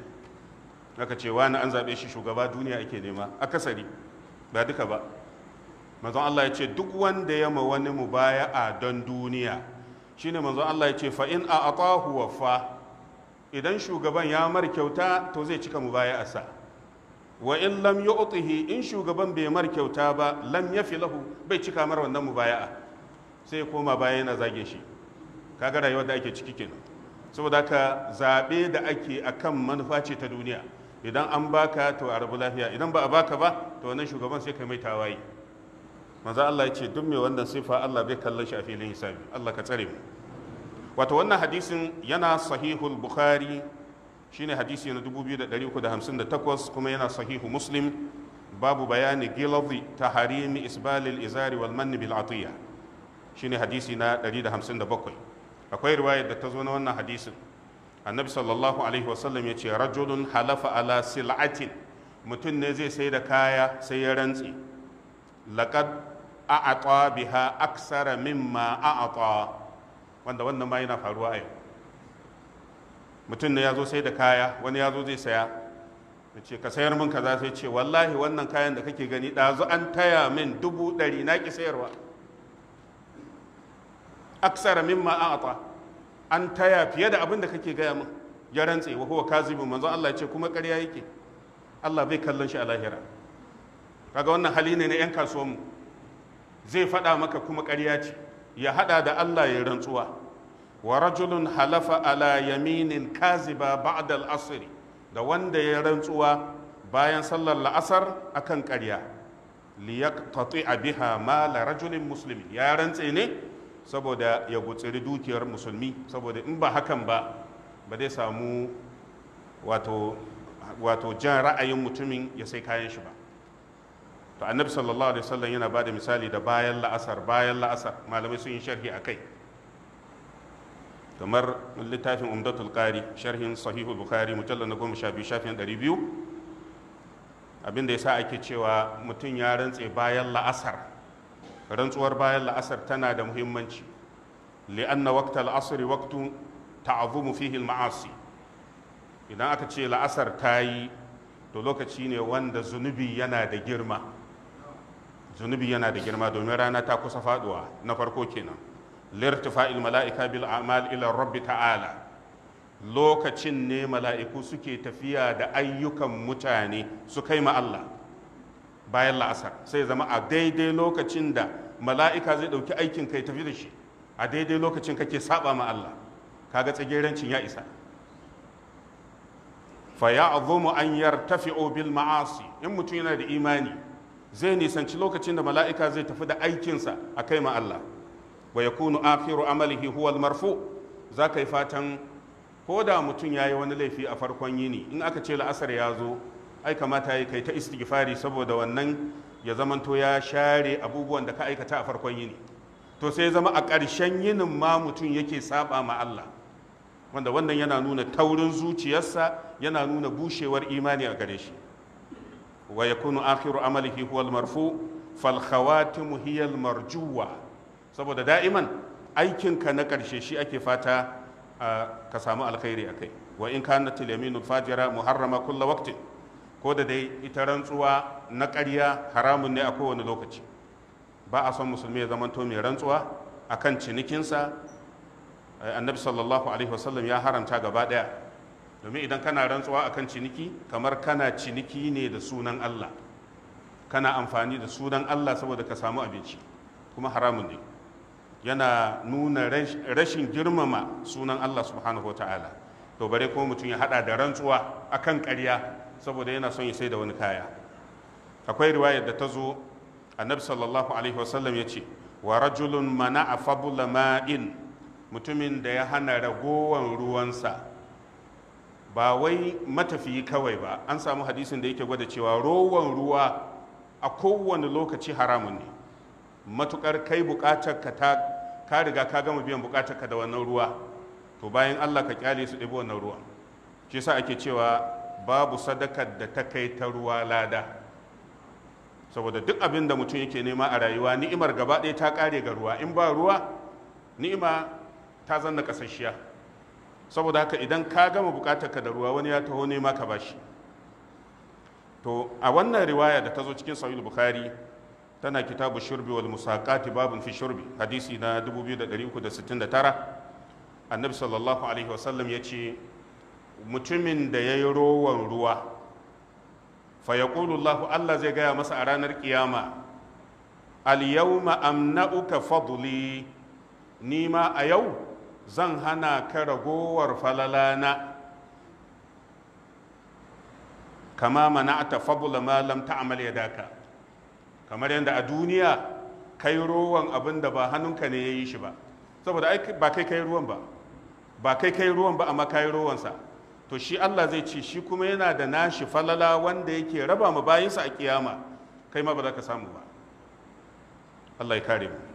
aka ce wani an zaɓe shi shugaba duniya ake nema akasari ba duka ba mazan Allah ya ce duk wanda ya ma wani mubaya'a don duniya shine manzo Allah ya ce fa in a atahu wafa idan shugaban ya mar kyauta to zai cika mu baya mubaya'arsa wa in lam yu'tihi in shugaban bai mar kyauta ba lam fi lahu bai cika mar wannan mubaya'a sai koma baya yana zage shi kaga rayuwar da ake ciki kenan saboda ka zaɓe da ake akan manufa ce ta duniya idan an baka to a rabu lafiya idan ba a baka ba to wannan shugaban sai kai mai tawaye manzo Allah ya ce duk mai wannan sifa Allah bai kalle shi a filin hisabi Allah ka tsare mu wato wannan hadisin yana sahihul bukhari shine hadisi na 2358 kuma yana sahihu muslim babu bayani gilazi harimi isbalil izari wal manni bil atiya shine hadisi na 157 akwai riwayar da ta zo na wannan hadisin annabi sallallahu alaihi wasallam ya ce rajulun halafa ala sil'atin mutum ne zai sai da kaya sai ya rantsi laƙad. a'ata biha aksara mimma a'ata wanda wannan ma yana faruwa yau mutum ne ya zo sai da kaya wani ya zo zai saya ya ce ka sayar min kaza sai ce wallahi wannan kayan da kake gani ɗazu an taya min dubu ɗari na ki sayarwa aksara mimma a'ata an taya fiye da abin da kake gaya min ya rantse wa huwa kazibun manzon Allah ya ce kuma ƙarya yake Allah bai kallon shi a lahira kaga wannan hali ne na 'yan kasuwanmu zai faɗa maka kuma ƙarya ce ya haɗa da Allah ya rantsuwa wa rajulun halafa ala yaminin kaziba ba'da al da wanda ya rantsuwa bayan sallar la'asar akan ƙarya a biha mala rajulin muslimi ya rantse ne saboda ya gutsiri dukiyar musulmi saboda in ba hakan ba ba zai samu wato jan ra'ayin mutumin ya sai kayan shi ba to annabi sallallahu alaihi wasallam yana bada misali da bayan la'asar bayan la'asar malamai sun yi sharhi a kai kamar littafin umdatul qari sharhin sahihul bukhari mujallal na goma sha biyu shafin ɗari biyu abin da ya sa ake cewa mutum ya rantse bayan la'asar rantsuwar bayan la'asar tana da muhimmanci li'anna waqta al'asri waqtun ta'azumu fihi al-ma'asi idan aka ce la'asar ta yi to lokaci ne wanda zunubi yana da girma zunubi yana da girma domin rana ta kusa faduwa na farko kenan lirtifa'il mala'ika bil a'mal ila rabbi ta'ala lokacin ne mala'iku suke tafiya da ayyukan mutane su kai ma Allah bayan la'asar sai zama a daidai lokacin da mala'ika zai dauki aikin kai tafi da shi a daidai lokacin kake saba ma Allah kaga tsagerancin ya isa fa ya'zumu an yartafi'u bil ma'asi in mutum yana da imani zai nisanci lokacin da mala'ika zai tafi da aikinsa a kai ma Allah wa ya kunu akhiru amalihi huwal marfu za ka yi fatan ko da mutum ya yi wani laifi a farkon yini in aka ce la'asar ya zo ai kamata ya kai ta istighfari saboda wannan ya zamanto ya share abubuwan da ka aikata a farkon yini to sai zama a ƙarshen yinin ma mutum yake saba ma Allah wanda wannan yana nuna taurin zuciyarsa yana nuna bushewar imani a gare shi wa yakunu akhiru amalihi huwa al-marfu fal saboda da'iman aikinka na karshe shi ake fata ka samu alkhairi akai wa in kanat al fajira muharrama kulla waqtin ko da dai ita rantsuwa na ƙarya haramun ne a kowane lokaci ba a son musulmi ya zamanto mai rantsuwa akan cinikinsa annabi sallallahu alaihi wasallam ya haramta gaba ɗaya domin idan kana rantsuwa akan ciniki kamar kana ciniki ne da sunan Allah kana amfani da sunan Allah saboda ka samu abinci kuma haramun ne yana nuna rashin girmama sunan Allah subhanahu ta'ala to bare ko mutum ya hada da rantsuwa akan ƙarya saboda yana son ya sai da wani kaya akwai riwayar da ta zo annabi sallallahu alaihi wasallam ya ce wa rajulun mana'a fabula ma'in mutumin da ya hana ragowan ruwansa ba wai matafiyi kawai ba an samu hadisin da yake gwada cewa rowan ruwa a kowane lokaci haramun ne matukar kai bukatar ka ta ka riga ka gama biyan bukatar ka da wannan ruwa to bayan Allah ka kyale su ɗabi wannan ruwan shi yasa ake cewa babu sadakar da ta kai ta ruwa lada saboda duk abin da mutum yake nema a rayuwa ni'imar gaba ɗaya ta kare ga ruwa in ba ruwa ni'ima ta zanna kasashiya saboda haka idan ka gama bukatar ka da ruwa wani ya taho nema ka bashi to a wannan riwaya da ta zo cikin sahih bukhari tana kitabu shurbi wal musaqati babun fi shurbi hadisi na 2369 annabi sallallahu alaihi wasallam ya ce mutumin da ya yi rowan ruwa fa yaqulu Allah zai gaya masa a ranar kiyama al yawma amna'uka fadli ni ma a yau zan hana ka ragowar falalana kama mana'ata fabula ma lam ta'mal yadaka kamar yadda a duniya kai rowan abin da ba hannunka ne ya yi shi ba saboda ba kai kai ruwan ba ba kai kai ruwan ba amma kai sa, to shi Allah zai ce shi kuma yana da nashi falala wanda yake raba mu bayinsa a kiyama kai ma ba za ka samu ba Allah ya kare mu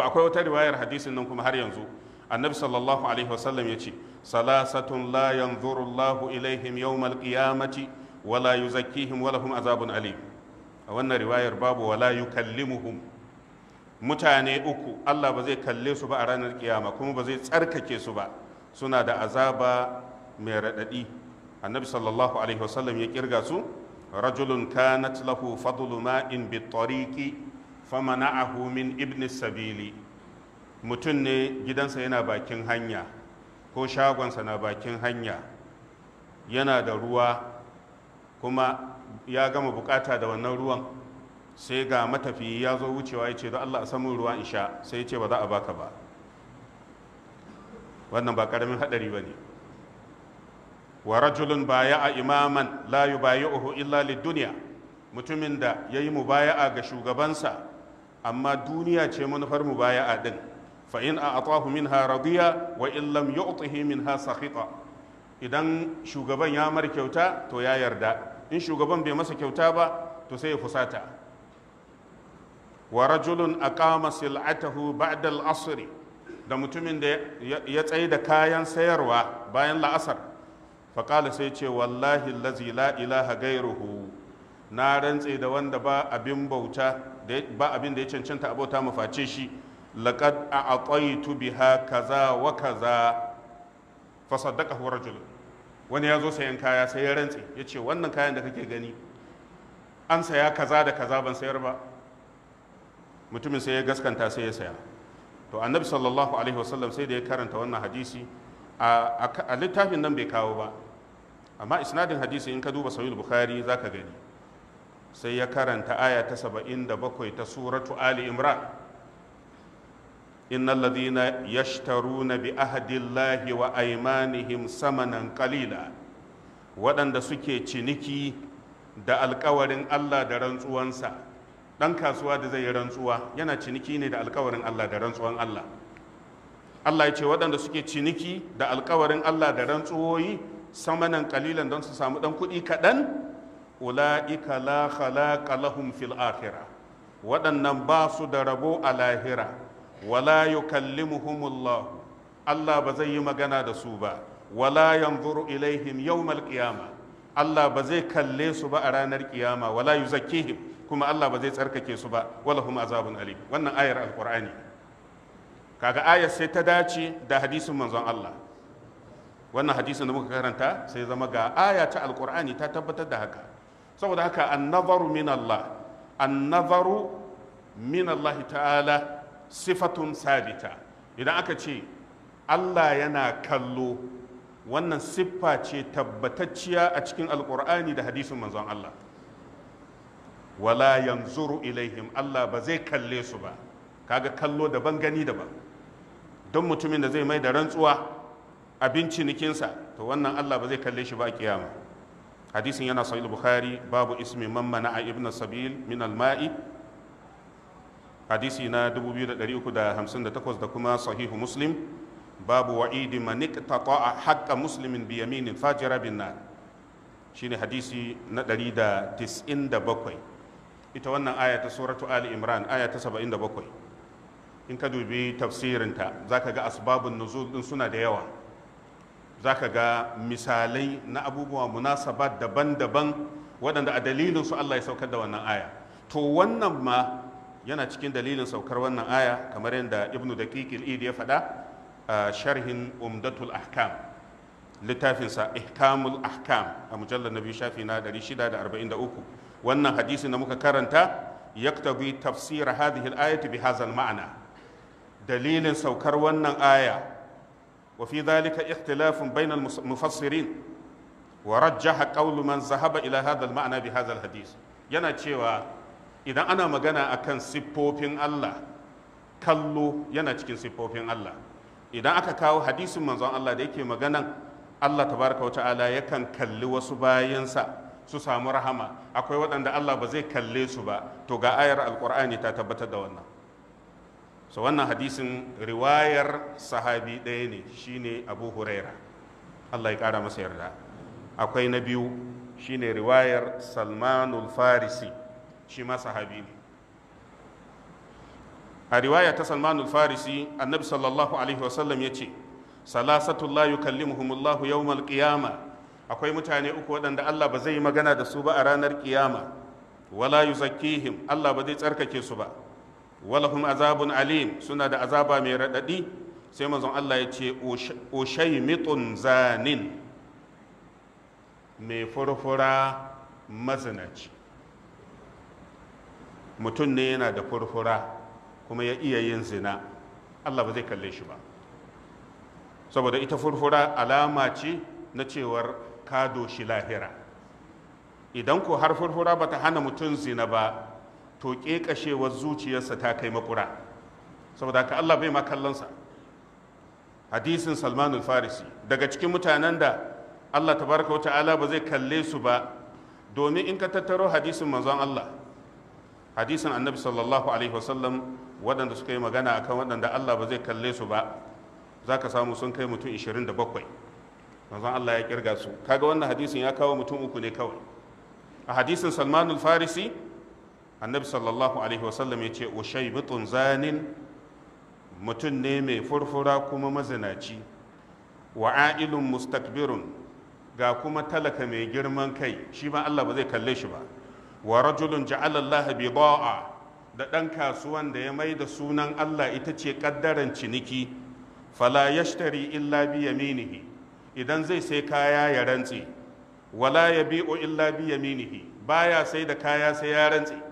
to akwai wata riwayar hadisin nan kuma har yanzu annabi sallallahu alaihi wasallam ya ce salasatun la yanzuru Allahu ilaihim yawmal qiyamati wala yuzakkihim wala hum azabun alim a wannan riwayar babu wala yukallimuhum mutane uku Allah ba zai kalle su ba a ranar kiyama kuma ba zai tsarkake su ba suna da azaba mai raɗaɗi. annabi sallallahu alaihi wasallam ya kirga su rajulun kanat lahu fadlu ma'in bi tariqi famana'ahu min ibn sabili mutum ne gidansa yana bakin hanya ko shagonsa na bakin hanya yana da ruwa kuma ya gama bukata da wannan ruwan sai ga matafiyi ya zo wucewa ya ce da Allah a samun ruwa in sha sai ya ce ba za a baka ba wannan ba karamin hadari ba ne wa rajulun baya a imaman layu baya uhu illa duniya mutumin da ya yayi mubaya'a ga shugabansa amma duniya ce manufar mu baya a din fa in a atahu minha radiya wa in lam yu'tihi minha sakhita idan shugaban ya mar kyauta to ya yarda in shugaban bai masa kyauta ba to sai ya fusata wa rajulun aqama sil'atahu ba'da al da mutumin da ya tsaye da kayan sayarwa bayan la'asar faƙala sai ce wallahi lazi la ilaha gairuhu na rantse da wanda ba abin bauta ba abin da ya cancanta abota mu face shi laqad tubi biha kaza wa kaza fa saddaqahu rajul wani ya zo sayan kaya sai ya rantse ya ce wannan kayan da kake gani an saya kaza da kaza ban sayar ba mutumin sai ya gaskanta sai ya saya to annabi sallallahu alaihi wasallam sai da ya karanta wannan hadisi a littafin nan bai kawo ba amma isnadin hadisi in ka duba sahih bukhari zaka gani sai ya karanta aya ta saba'in da bakwai ta suratu ali imran inna ladina na bi ahdillahi wa aymanihim samanan qalila waɗanda suke ciniki da alkawarin Allah da rantsuwansa ɗan kasuwa da zai yi rantsuwa yana ciniki ne da alkawarin Allah da rantsuwan Allah Allah ya ce waɗanda suke ciniki da alkawarin Allah da rantsuwoyi samanan kalilan don su samu ɗan kuɗi kaɗan ula'ika la khalaqa lahum fil akhirah waɗannan ba su da rabo a lahira wala yukallimuhumullah Allah ba zai yi magana da su ba wala yanzuru ilaihim yawmal qiyama Allah ba zai kalle su ba a ranar kiyama wala yuzakkihim kuma Allah ba zai tsarkake su ba wala azabun alim wannan ayar alqur'ani kaga ayar sai ta dace da hadisin manzon Allah wannan hadisin da muka karanta sai zama ga aya ta Alqur'ani ta tabbatar da haka saboda haka annazaru min Allah annazaru min Allah ta'ala sifatun sabita idan aka ce Allah yana kallo wannan siffa ce tabbatacciya a cikin alkur'ani da hadisin manzon Allah wala yanzuru ilaihim Allah ba zai kalle su ba kaga kallo daban gani daban don mutumin da zai mai da rantsuwa abin cinikinsa to wannan Allah ba zai kalle shi ba a kiyama hadisin yana sahih bukhari babu ismi man mana'a ibn sabil min mai hadisi na 2358 da kuma sahihu muslim babu wa'idi man iqtata'a haqqa muslimin bi yaminin fajira bin nar shine hadisi na 197 ita wannan aya ta suratu ali imran aya ta 77 in ka dubi tafsirinta zaka ga asbabin nuzul din suna da yawa za ka ga misalai na abubuwa munasaba daban-daban waɗanda a dalilin su Allah ya saukar da wannan aya to wannan ma yana cikin dalilin saukar wannan aya kamar yadda ibnu daqiqil idi ya faɗa a sharhin umdatul ahkam littafinsa ihkamul ahkam a mujallar biyu shafi na 643 wannan hadisi da muka karanta yaktabi tafsir hadhihi al-ayati bi hadha ma'ana dalilin saukar wannan aya وفي ذلك اختلاف بين المفسرين ورجح قول من ذهب إلى هذا المعنى بهذا الحديث yana cewa idan ana magana akan siffofin Allah kallo yana cikin siffofin Allah idan aka kawo hadisin manzon Allah da yake maganan Allah tabaraka wa ta'ala yakan kalli wasu bayansa su samu rahama akwai waɗanda Allah ba zai kalle su ba to ga ayar alkur'ani ta tabbatar da wannan so wannan hadisin riwayar sahabi ɗaya ne shine abu huraira allah ya ƙara masa yarda akwai na biyu shine riwayar salmanul farisi shi ma sahabi ne a riwaya ta salmanul farisi annabi sallallahu alaihi wasallam ya ce salasatul kalli yukallimuhumullahu yau qiyama akwai mutane uku waɗanda allah ba zai yi magana da su ba a ranar ƙiyama. wala yuzakkihim allah ba zai tsarkake su ba walahum azabun alim suna da azaba mai raɗaɗi sai manzon Allah ya ce ushaymitun zanin mai furfura mazinaci mutum ne yana da furfura kuma ya iya yin zina Allah ba zai kalle shi ba saboda ita furfura alama ce na cewar ka doshi lahira idan ko har furfura bata hana mutum zina ba to ƙeƙashewar zuciyarsa ta kai makura saboda ka Allah bai ma kallonsa hadisin Salman farisi daga cikin mutanen da Allah tabaraka wa ta'ala ba zai kalle su ba domin in ka tattaro hadisin manzon Allah hadisin annabi sallallahu alaihi wasallam waɗanda suka yi magana akan waɗanda Allah ba zai kalle su ba za ka samu sun kai mutum 27 manzon Allah ya kirga su kaga wannan hadisin ya kawo mutum uku ne kawai a hadisin Salman farisi annabi sallallahu alaihi wasallam ya ce ushai bitun zanin mutum ne mai furfura kuma mazinaci wa a'ilun mustakbirun ga kuma talaka mai girman kai shi ma Allah ba zai kalle shi ba wa rajulun ja'ala Allah da dan kasuwan da ya mai da sunan Allah ita ce kaddaran ciniki fala yashtari illa bi yaminihi idan zai sai kaya ya rantse wala yabi'u illa bi yaminihi baya sai da kaya sai ya rantse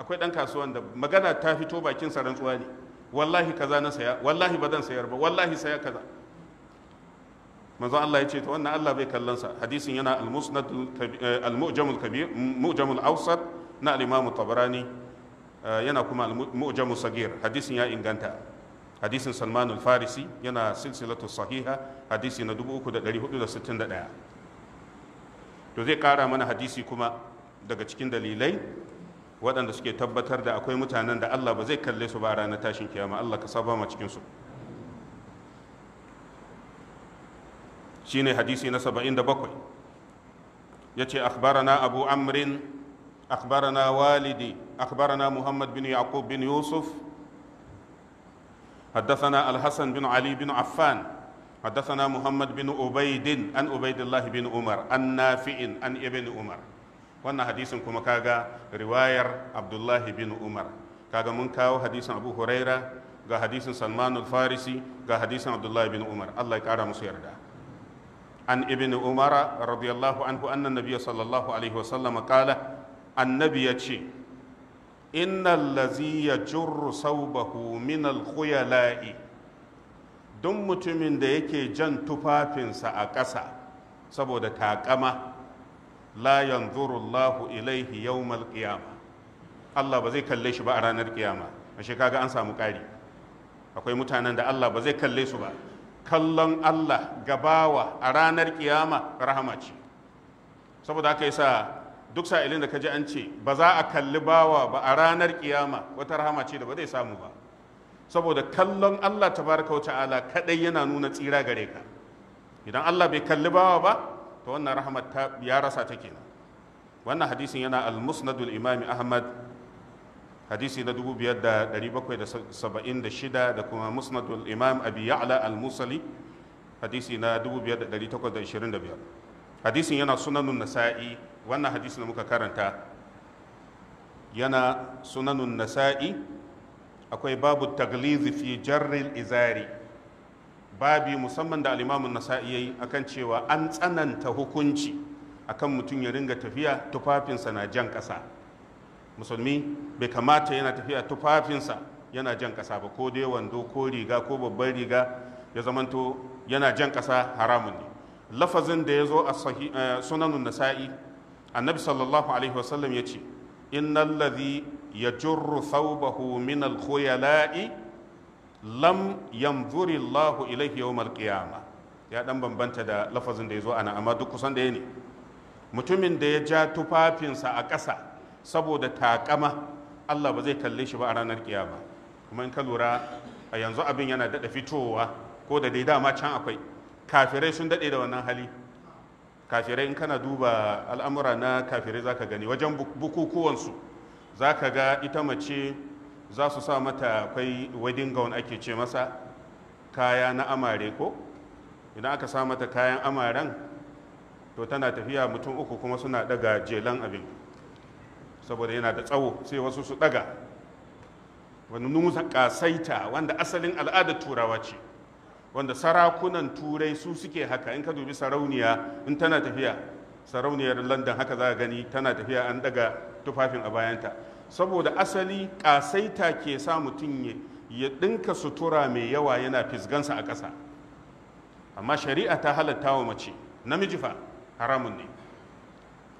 akwai ɗan kasuwan da magana ta fito bakin sa rantsuwa ne wallahi kaza na saya wallahi ba zan sayar ba wallahi saya kaza manzo Allah ya ce to wannan Allah bai kallon sa hadisin yana al-musnad eh, al-mu'jamul kabir mu'jamul awsat na al-imam tabarani eh, yana kuma al-mu'jamul sagir hadisin ya inganta hadisin Salman al-Farisi yana silsilatu sahiha hadisi na 3461 to zai kara mana hadisi kuma daga cikin dalilai waɗanda suke tabbatar da akwai mutanen da Allah ba zai kalle su ba ranar tashin kiyama Allah ka saba ma cikin su shine hadisi na 77 yace akhbarana abu amrin akhbarana walidi akhbarana muhammad bin yaqub bin yusuf حدثنا الحسن بن علي بن عفان حدثنا محمد بن عبيد عن عبيد الله بن عمر عن نافع عن ابن عمر wannan hadisin kuma kaga riwayar abdullahi bin umar kaga mun kawo hadisin abu huraira ga hadisin salman al-farisi ga hadisin abdullahi bin umar allah ya kara musu yarda an ibn umar radiyallahu anhu annan nabiyya sallallahu alaihi wa wasallam kala annabi ya ce innal lazi yajurru saubahu min al-khuyala'i Dun mutumin da yake jan tufafinsa a ƙasa saboda taƙama la yanzuru Allahu ilaihi yawmal qiyama Allah ba zai kalle shi ba a ranar kiyama ashe kaga an samu ƙari akwai mutanen da Allah ba zai kalle su ba kallon Allah gabawa a ranar kiyama rahama ce saboda haka yasa duk sa'ilin da ka je an ce ba za a kalli bawa ba a ranar kiyama wata rahama ce da ba zai samu ba saboda kallon Allah tabaraka wa ta'ala kadai yana nuna tsira gare ka idan Allah bai kalli bawa ba to wannan rahmat ta ya rasa ta kenan wannan hadisin yana al-musnadul imami ahmad hadisi na 5776 da kuma musnadul imam abi ya'la al-musali hadisi na 5825 hadisin yana sunanun nasa'i wannan hadisin da muka karanta yana sunanun nasa'i akwai babu taglizi fi jarril izari babi musamman da alimamin nasa'i yayi akan cewa an tsananta hukunci akan mutum ya ringa tafiya tufafinsa na jan ƙasa musulmi bai kamata yana tafiya tufafinsa yana jan ƙasa ba ko dai wando ko riga ko babban riga ya zamanto yana jan ƙasa haramun ne lafazin da ya zo a eh, sunanun nasa'i annabi sallallahu alaihi wasallam ya ce innal ladhi yajurru thawbahu min al-khuyala'i lam yanzuri Allahu ilaihi yawmal qiyama ya dan bambanta da lafazin da yazo ana amma duk kusan da ne mutumin da ya ja tufafinsa a ƙasa saboda takama Allah ba zai kalle shi ba a ranar kiyama kuma in ka lura a yanzu abin yana daɗa fitowa ko da dai dama can akwai kafirai sun daɗe da wannan hali kafirai in kana duba al'amura na kafirai zaka gani wajen bukukuwansu zaka ga ita mace za su sa mata akwai wedding gown ake ce masa kaya na amare ko idan aka sa mata kayan amaren to tana tafiya mutum uku kuma suna daga jelan abin saboda yana da tsawo sai wasu su daga wani nusa kasaita wanda asalin al'adar turawa ce wanda sarakunan turai su suke haka in ka dubi sarauniya in tana tafiya sarauniyar london haka za a gani tana tafiya an daga tufafin a bayanta saboda asali ƙasaita ke sa mutum ya ɗinka sutura mai yawa yana fisgansa a ƙasa amma shari'a ta halatta wa mace namiji fa haramun ne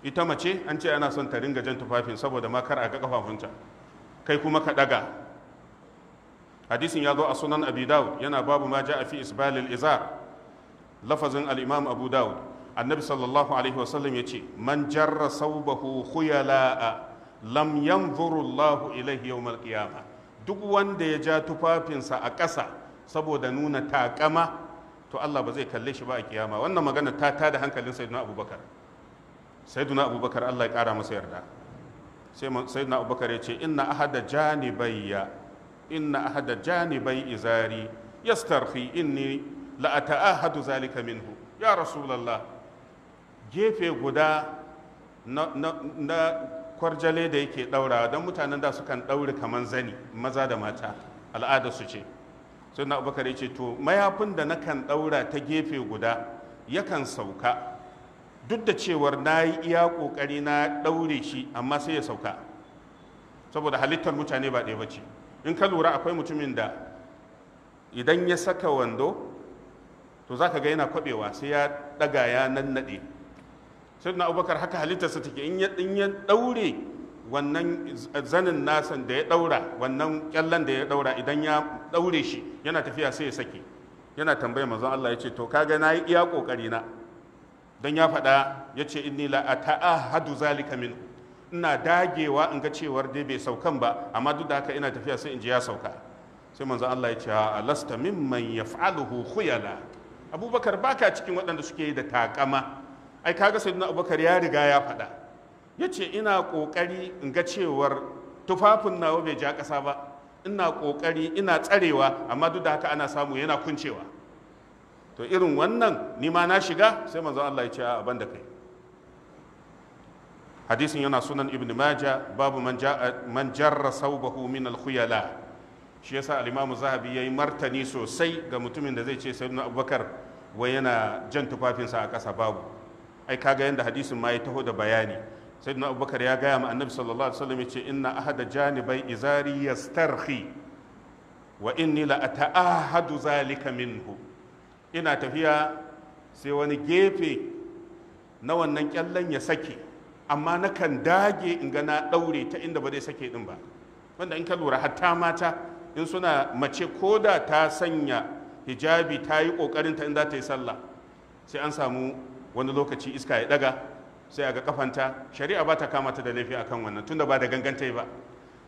ita mace an ce ana son ta ringa jan tufafin saboda makar a ga kafafunta kai kuma ka ɗaga hadisin ya zo a sunan abi yana babu ma ja a fi isbalil izar lafazin al'imam abu Da'ud, annabi sallallahu alaihi wasallam ya ce man jarra saubahu khuyala'a lam yanzuru Allahu ilaihi yawmal qiyama duk wanda ya ja tufafinsa a ƙasa saboda nuna takama to Allah ba zai kalle shi ba a kiyama wannan magana ta tada hankalin sayyidina Abubakar sayyidina Abubakar Allah ya kara masa yarda sai sayyidina Abubakar ya ce inna ahada janibayya inna ahada janibai izari yastarfi inni la ata'ahadu zalika minhu ya rasulullah gefe guda na kwarjale da yake ɗaurawa don mutanen da sukan ɗaure kamar zani maza da mata al'ada su ce sai na abubakar ya ce to mayafin da nakan ɗaura ta gefe guda yakan sauka duk da cewar na yi iya kokari na ɗaure shi amma sai ya sauka saboda halittar mutane ba ɗaya ba in ka lura akwai mutumin da idan ya saka wando to za ka ga yana kwaɓewa sai ya ɗaga ya nannaɗe sayyidina abubakar haka halittarsa take in ya daure wannan zanin nasan da ya daura wannan kyallan da ya daura idan ya daure shi yana tafiya sai ya sake yana tambaya manzon Allah ya ce to kaga na yi iya kokari na dan ya faɗa ya ce inni la ata'ahadu zalika min ina dagewa in ga cewar dai bai saukan ba amma duk da haka ina tafiya sai in ji ya sauka sai manzon Allah ya ce alasta mimman yaf'aluhu khuyala abubakar baka cikin waɗanda suke yi da takama ai kaga sayyidina abubakar ya riga ya faɗa ya ce ina ƙoƙari in ga cewar tufafin nawa bai ja ƙasa ba ina ƙoƙari ina tsarewa amma duk da haka ana samu yana kuncewa to irin wannan ni ma na shiga sai manzon Allah ya ce a banda kai hadisin yana sunan ibn maja babu man ja'a man jarra saubahu min al-khuyala shi yasa al-imamu zahabi yayi martani sosai ga mutumin da zai ce sayyidina abubakar wai yana jan tufafinsa a ƙasa babu ai kaga yanda hadisin ma ya taho da bayani sayyidina abubakar ya gaya ma annabi sallallahu alaihi wasallam yace inna ahada janibai izari yastarhi wa inni la ata'ahadu zalika minhu ina tafiya sai wani gefe na wannan kyallen ya sake amma nakan dage in ga na daure ta inda ba zai sake din ba wanda in ka lura hatta mata in suna mace ko da ta sanya hijabi ta yi kokarin ta in za ta yi sallah sai an samu wani lokaci iska ya daga sai a ga kafanta shari'a ba ta kama ta da laifi akan wannan tunda ba da ganganta ba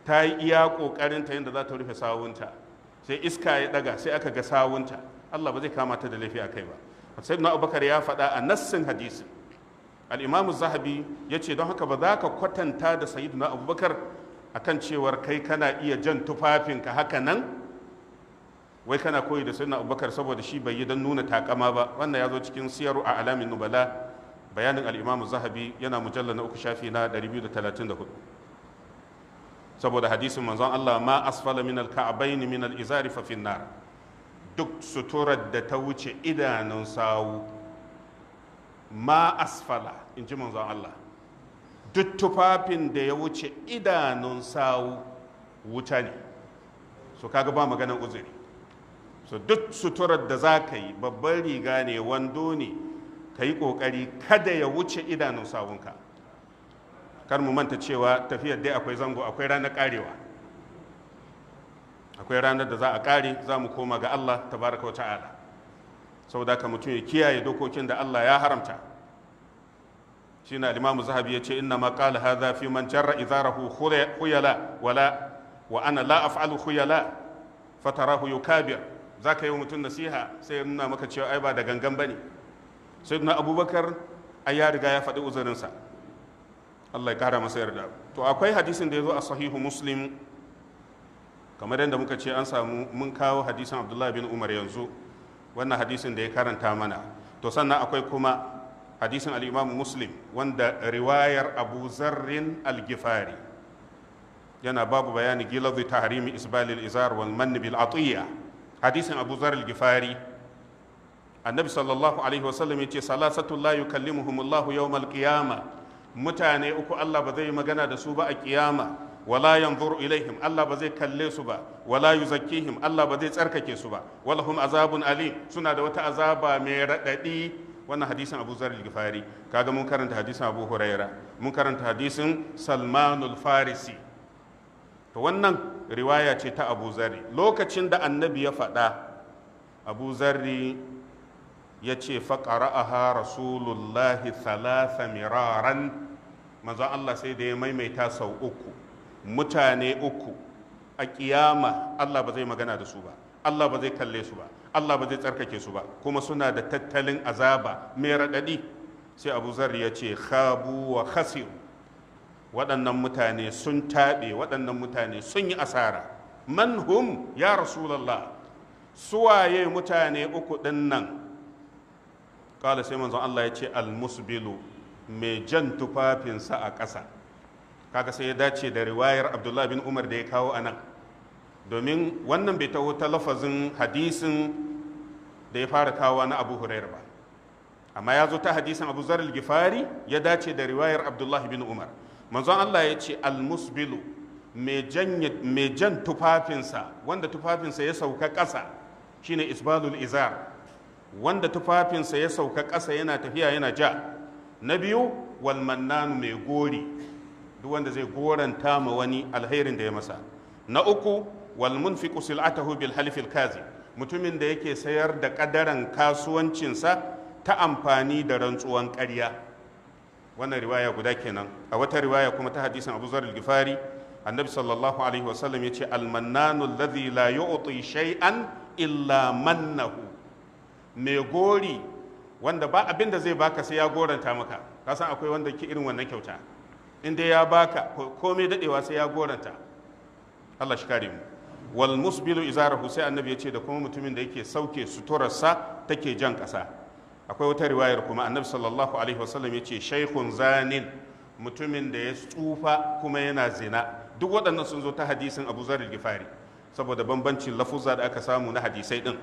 ta yi iya ta yadda za ta rufe sawunta sai iska ya daga sai aka ga sawunta Allah ba zai kama ta da laifi akai ba sayyidina Abubakar ya faɗa a nassin hadisi al-Imam Zahabi yace don haka ba za ka kwatanta da sayyidina Abubakar akan cewar kai kana iya jan tufafinka haka nan wai kana koyi da sunna abubakar saboda shi bai yi don nuna takama ba wannan ya zo cikin siyaru a alamin nubala bayanin al'imamu zahabi yana mujalla na uku shafi na 234 saboda hadisin manzon allah ma asfala min alka'abain min al'izari fa finnar duk suturar da ta wuce idanun sawu ma asfala in ji manzon allah duk tufafin da ya wuce idanun sawu wuta ne so kaga ba maganar uzuri so duk suturar da za ka yi babban riga ne wando ne ka yi ƙoƙari kada ya wuce idanun sawunka kar mu manta cewa tafiyar dai akwai zango akwai ranar karewa akwai ranar da za a kare za mu koma ga Allah tabaraka wa ta'ala saboda ka mutum ya kiyaye dokokin da Allah ya haramta shi na limamu zahabi ya ce inna maƙala hadha fi man jarra izarahu khuyala wala wa ana la af'alu khuyala fatarahu yukabir za ka yi mutum nasiha sai ya nuna maka cewa ai ba da gangan ba ne sai na abubakar ai ya riga ya faɗi uzurinsa allah ya kara masa yarda to akwai hadisin da ya zo a sahihu muslim kamar yadda muka ce an samu mun kawo hadisin abdullahi bin umar yanzu wannan hadisin da ya karanta mana to sannan akwai kuma hadisin al'imam muslim wanda riwayar abu zarrin al-gifari yana babu bayani gilazu tahrimi isbalil izar wal manni bil atiyya hadisin abu zar gifari annabi sallallahu alaihi wasallam ya ce salasatu la yukallimuhumullahu yawmal qiyama mutane uku Allah ba zai magana da su ba a kiyama wala yanzuru ilaihim Allah ba zai kalle su ba wala yuzakkihim Allah ba zai tsarkake su ba walahum azabun alim suna da wata azaba mai radadi wannan hadisin Abu Zar al kaga mun karanta hadisin Abu Huraira mun karanta hadisin Salmanul Farisi to wannan riwaya ce ta abu lokacin da annabi ya faɗa abu ya ce faƙara'aha rasulullahi thalatha miraran manzon allah sai da ya maimaita sau uku mutane uku a ƙiyama allah ba zai magana da su ba allah ba zai kalle su ba allah ba zai tsarkake su ba kuma suna da tattalin azaba mai raɗaɗi sai abu zarri ya ce khabu wa khasiru waɗannan mutane sun taɓe waɗannan mutane sun yi asara man hum ya rasulallah suwaye mutane uku ɗin nan kala sai manzon Allah ya ce almusbilu mai jan tufafinsa a ƙasa kaga sai ya dace da riwayar abdullahi bin umar da ya kawo a nan domin wannan bai taho ta lafazin hadisin da ya fara kawo na abu hurair ba amma ya zo ta hadisin abu zarar gifari ya dace da riwayar abdullahi bin umar manzon Allah ya ce almusbilu mai jan tufafinsa wanda tufafinsa ya sauka ƙasa shine isbalul izar wanda tufafinsa ya sauka ƙasa yana tafiya yana ja na biyu walmannanu mai gori duk wanda zai goranta ma wani alherin da ya masa na uku walmunfiqu sil'atahu bil halifil kazi mutumin da yake sayar da kadaran kasuwancinsa ta amfani da rantsuwan ƙarya wannan riwaya guda kenan a wata riwaya kuma ta hadisin Abu Zar al annabi sallallahu alaihi sallam yace al-mannanu alladhi la yu'ti shay'an illa mannahu Me gori wanda ba abin da zai baka sai ya goranta maka ka san akwai wanda ke irin wannan kyauta in dai ya baka komai dadewa sai ya goranta Allah shi kare mu wal musbilu izarahu sai annabi yace da kuma mutumin da yake sauke suturarsa take jan kasa akwai wata riwayar kuma annabi sallallahu alaihi wasallam yace shaykhun zanin mutumin da ya tsufa kuma yana zina duk waɗannan sun zo ta hadisin Abu Zar al saboda bambancin lafuza da aka samu na hadisai din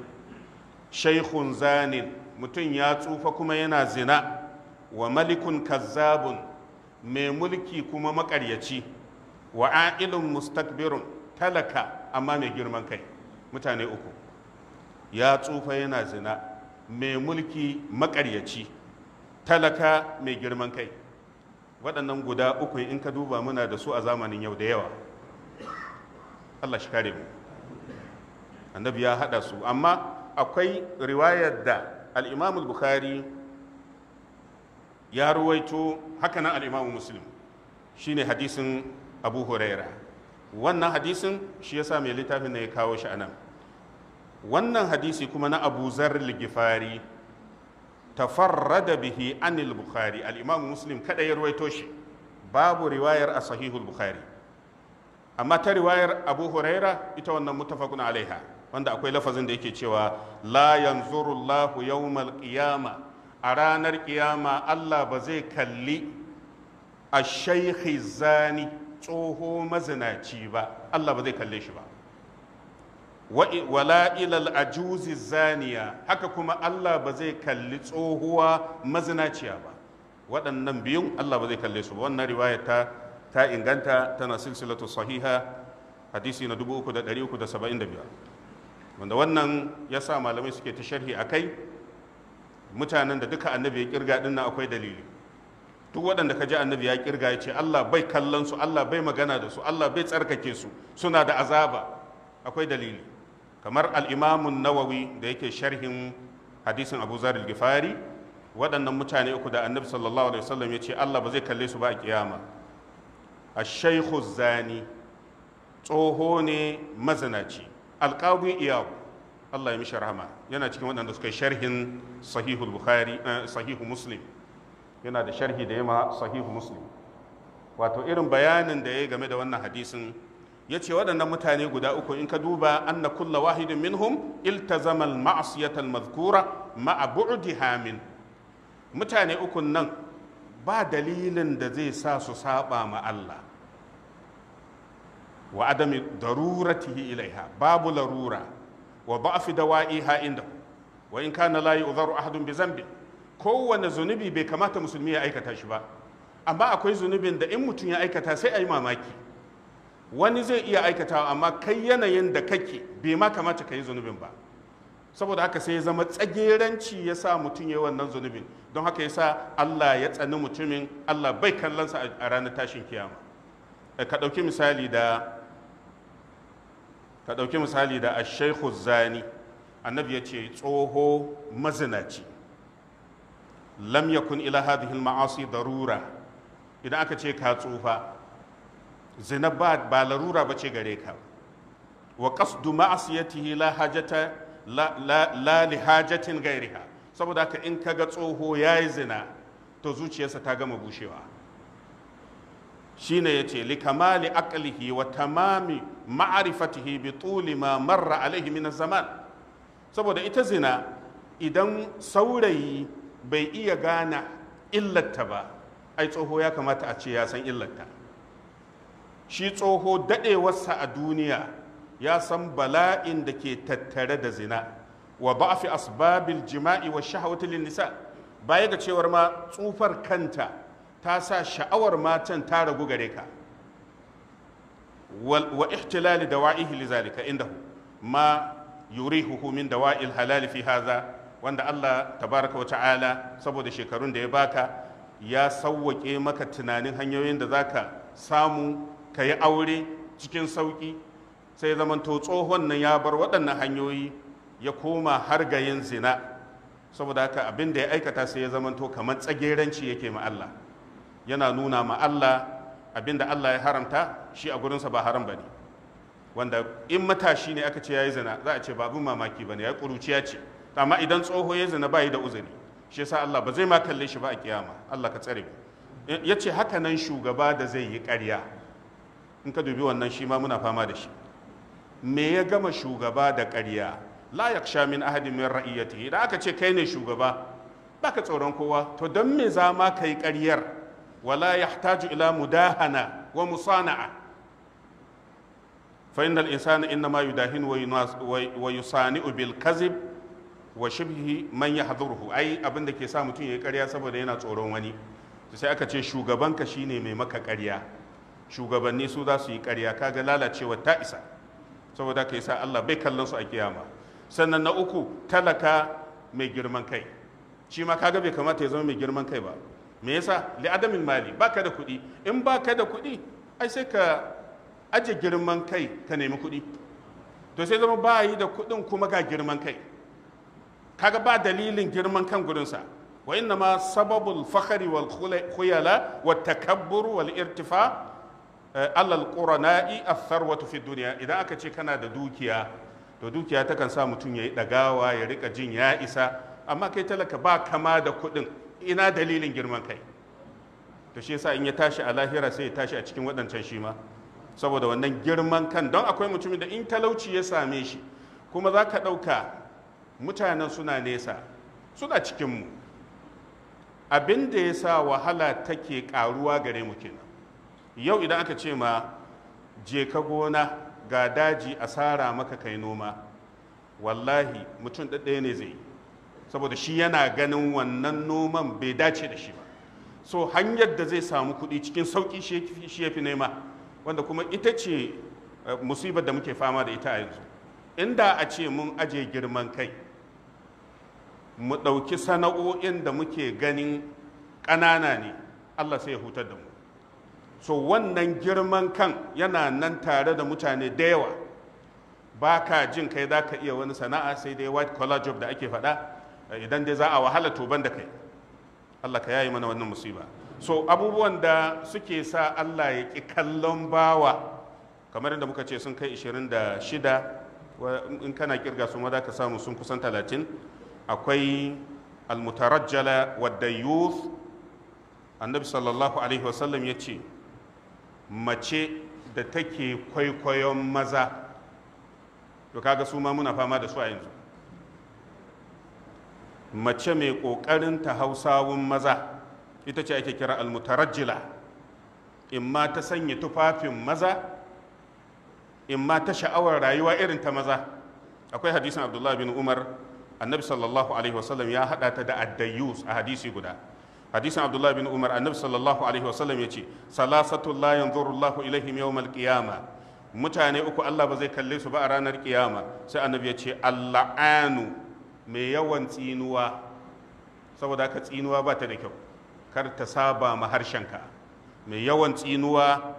shaykhun zanin mutum ya tsufa kuma yana zina wa malikun kazzabun mai mulki kuma makaryaci wa a'ilun mustakbirun talaka amma mai girman kai mutane uku ya tsufa yana zina mai mulki maƙaryaci talaka mai girman kai waɗannan guda uku in ka duba muna da su a zamanin yau da yawa allah shi kare mu annabi ya haɗa su amma akwai riwayar da al'imamul bukhari ya ruwaito hakanan al'imamu muslim shine hadisin abu huraira wannan hadisin shi yasa mai littafin na ya kawo shi a nan wannan hadisi kuma na abu zar ligifari tafarrada bihi anil bukhari al muslim kada ya ruwaito shi babu riwayar a sahihul bukhari amma ta riwayar abu huraira ita wannan mutafakun alaiha wanda akwai lafazin da yake cewa la yanzuru allahu yawmal qiyama a ranar kiyama allah ba zai kalli a shaikhi zani tsoho mazinaci ba allah ba zai kalle shi ba wala ilal ajuzi zaniya haka kuma Allah ba zai kalli tsohuwa mazinaciya ba waɗannan biyun Allah ba zai kalle su ba wannan riwaya ta ta inganta tana silsilatu sahiha hadisi na 3375 wanda wannan ya sa malamai suke ta sharhi a kai mutanen da duka annabi ya kirga din akwai dalili duk waɗanda ka ji annabi ya kirga ya ce Allah bai kallon su Allah bai magana da su Allah bai tsarkake su suna da azaba akwai dalili kamar al'imamun nawawi da yake sharhin hadisin abu zar gifari waɗannan mutane uku da annabi sallallahu alaihi wasallam ya ce allah ba zai kalle su ba a kiyama a shaikhu zani tsoho ne mazanaci alƙawun iyawu allah ya mishi rahama yana cikin waɗanda suka yi sharhin sahihu bukhari eh, sahihu muslim yana da sharhi da yama sahihu muslim wato irin bayanin da ya yi game da wannan hadisin ya ce waɗannan mutane guda uku in ka duba anna kulla wahidin minhum iltazama al-ma'asiyatal mazkura ma'a bu'diha min mutane uku nan ba dalilin da zai sa su saba ma Allah wa adami daruratihi ilaiha babu larura wa ba'fi dawa'iha inda wa in kana la yu'dharu ahadun bi zambi kowanne zunubi bai kamata musulmi ya aikata shi ba amma akwai zunubin da in mutum ya aikata sai ayi mamaki wani zai iya aikatawa amma kai yanayin da kake bai ma kamata ka yi zunubin ba saboda haka sai ya zama tsageranci ya sa mutum ya yi wannan zunubin don haka ya sa allah ya tsani mutumin allah bai kallonsa a ranar tashin kiyama eh, ka ɗauki misali da ka ɗauki misali da ashaihu zani annabi ya ce tsoho mazinaci lam yakun ila hadhihi al-ma'asi darura idan aka ce ka tsufa zina ba larura ba ce gare ka wa qasdu ma'asiyatihi la hajata la li hajatin gairiha saboda ka in kaga tsoho yayi zina to zuciyarsa ta gama bushewa shine yace li kamali aqlihi wa tamami ma'rifatihi bi tuli ma marra alaihi min zaman saboda ita zina idan saurayi bai iya gana illarta ba ai tsoho ya kamata a ce ya san illarta shi tsoho daɗewarsa a duniya ya san bala'in da ke tattare da zina wa fi asbabil jima'i wa shahawati nisa baya ga cewar ma tsufar kanta ta sa sha'awar matan ta ragu gare ka wa ihtilali dawa'ihi lizalika indahu ma yurihuhu min dawa'il halali fi haza wanda Allah tabaraka wa ta'ala saboda shekarun da ya baka ya sauwake maka tunanin hanyoyin da zaka samu ka yi aure cikin sauƙi sai zamanto tsohon nan ya bar waɗannan hanyoyi ya koma har ga yin zina saboda haka abin da ya aikata sai ya zamanto kamar tsageranci yake ma Allah yana nuna ma abin da Allah ya haramta shi a gurinsa ba haram ba ne wanda in matashi ne aka ce ya yi zina za a ce babu mamaki ba ne ya ƙuruciya ce amma idan tsoho ya zina ba yi da uzuri shi yasa Allah ba zai ma kalle shi ba a kiyama Allah ka tsare ya ce haka nan shugaba da zai yi ƙarya in ka dubi wannan shi ma muna fama da shi me ya gama shugaba da ƙarya la yaksha min ahadin min ra'iyatihi da aka ce kai ne shugaba baka tsoron kowa to don me za ma kai ƙaryar wala yahtaju ila mudahana wa musana'a fa innal insana innama yudahin wa yusani'u bil kazib wa shibhi man yahdhuruhu ai abin da ke sa mutum yayi ƙarya saboda yana tsoron wani sai aka ce shugabanka shine mai maka ƙarya shugabanni su za su yi ƙarya kaga lalacewa ta isa saboda ka sa Allah bai kallon su a kiyama sannan na uku talaka mai girman kai shi ma kaga bai kamata ya zama mai girman kai ba me yasa li adamin mali baka da kuɗi in baka da kuɗi ai sai ka aje girman kai ka nemi kuɗi to sai zama ba yi da kuɗin kuma ga girman kai kaga ba dalilin girman kan gurinsa wa inna ma sababul fakhari wal irtifa Eh, alal qurana'i as wata fi duniya idan aka ce kana da dukiya to dukiya takan sa mutum ya yi ɗagawa ya rika jin ya isa amma kai talaka ba kama da kuɗin ina dalilin girman kai to shi yasa in ya tashi a lahira sai ya tashi a cikin waɗancan shi ma saboda wannan girman kan don akwai mutumin da in talauci ya same shi kuma za ka ɗauka mutanen suna nesa suna cikinmu abin da ya sa wahala take ƙaruwa gare mu yau idan aka ce ma je ka gona ga daji a sara maka kai noma wallahi mutum ɗaɗɗaya ne zai saboda shi yana ganin wannan noman bai dace da shi ba so hanyar da zai samu kuɗi cikin sauƙi shi ya fi nema wanda kuma ita ce eh, musibar da muke fama da ita a yanzu inda a ce mun aje girman kai mu ɗauki sana'o'in da muke ganin ƙanana ne allah sai ya hutar da mu so wannan girman kan yana nan tare da mutane da yawa ba ka jin kai za ka iya wani sana'a sai dai white collar job da ake faɗa eh, idan dai za a wahala to ban da kai Allah ka yayi mana wannan musiba so abubuwan da suke sa Allah ya ƙi kallon bawa kamar yadda muka ce sun kai 26 in kana kirga su ma za ka samu sun kusan 30 akwai almutarajjala wadda youth annabi sallallahu alaihi wasallam ya ce mace da take kwaikwayon maza to kaga su ma muna fama da su a yanzu mace mai kokarin ta hausawun maza ita ce ake kira almutarajjila in ma ta sanya tufafin maza in ma ta sha'awar rayuwa irin ta maza akwai hadisin abdullahi bin umar annabi sallallahu alaihi wasallam ya haɗa ta da addayyus a hadisi guda hadisin abdullahi bin umar annabi sallallahu alaihi wasallam ya ce salasatu la yanzuru allah ilaihim yawmal qiyama mutane uku allah ba zai kalle su ba a ranar kiyama sai annabi ya ce alla'anu mai yawan tsinuwa saboda haka tsinuwa ba ta da kyau kar ta saba ma harshenka mai yawan tsinuwa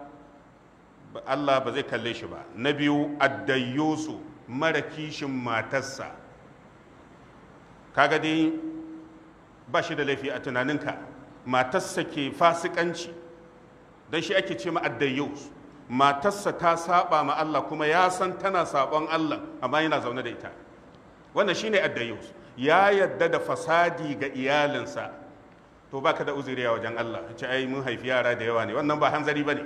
allah ba zai kalle shi ba na biyu addayyusu mara kishin matarsa kaga dai ba shi da laifi a tunaninka matarsa ke fasikanci don shi ake ce ma matarsa ta saba ma Allah kuma ya san tana sabon Allah amma yana zaune da ita wannan shine addayyus ya yadda da fasadi ga iyalinsa to baka da uzuri wajen Allah ce ai mun haifi yara da yawa ne wannan ba hanzari bane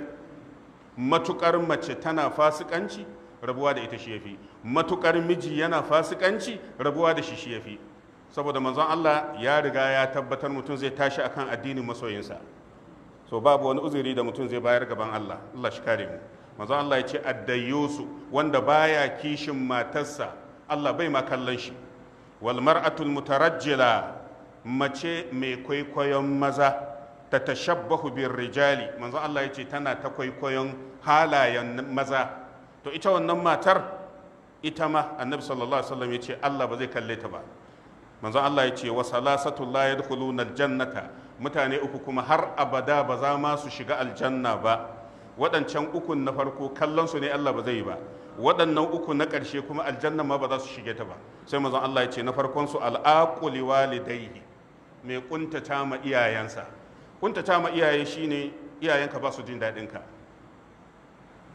matukar mace tana fasikanci rabuwa da ita shi yafi matukar miji yana fasikanci rabuwa da shi shi yafi saboda manzon Allah ya riga ya tabbatar mutum zai tashi akan addinin masoyinsa so babu wani uzuri da mutum zai bayar gaban Allah Allah shi kare mu manzon Allah ya ce addayusu wanda baya kishin matarsa Allah bai ma kallon shi wal mar'atul mutarajjila mace mai kwaikwayon maza ta tashabbahu bir rijali manzon Allah ya ce tana ta kwaikwayon halayen maza to ita wannan matar ita ma annabi sallallahu alaihi wasallam ya ce Allah ba zai kalle ta ba manzo Allah ya ce wa salasatu la yadkhuluna aljannata mutane uku kuma har abada ba za ma su shiga aljanna ba waɗancan ukun na farko kallon su ne Allah ba zai yi ba waɗannan uku na ƙarshe kuma aljanna ma ba za su shige ta ba sai manzon Allah ya ce na farkon su al'aquli walidayhi mai kuntata ma iyayensa kuntata ma iyaye shine iyayenka ba su jin daɗin ka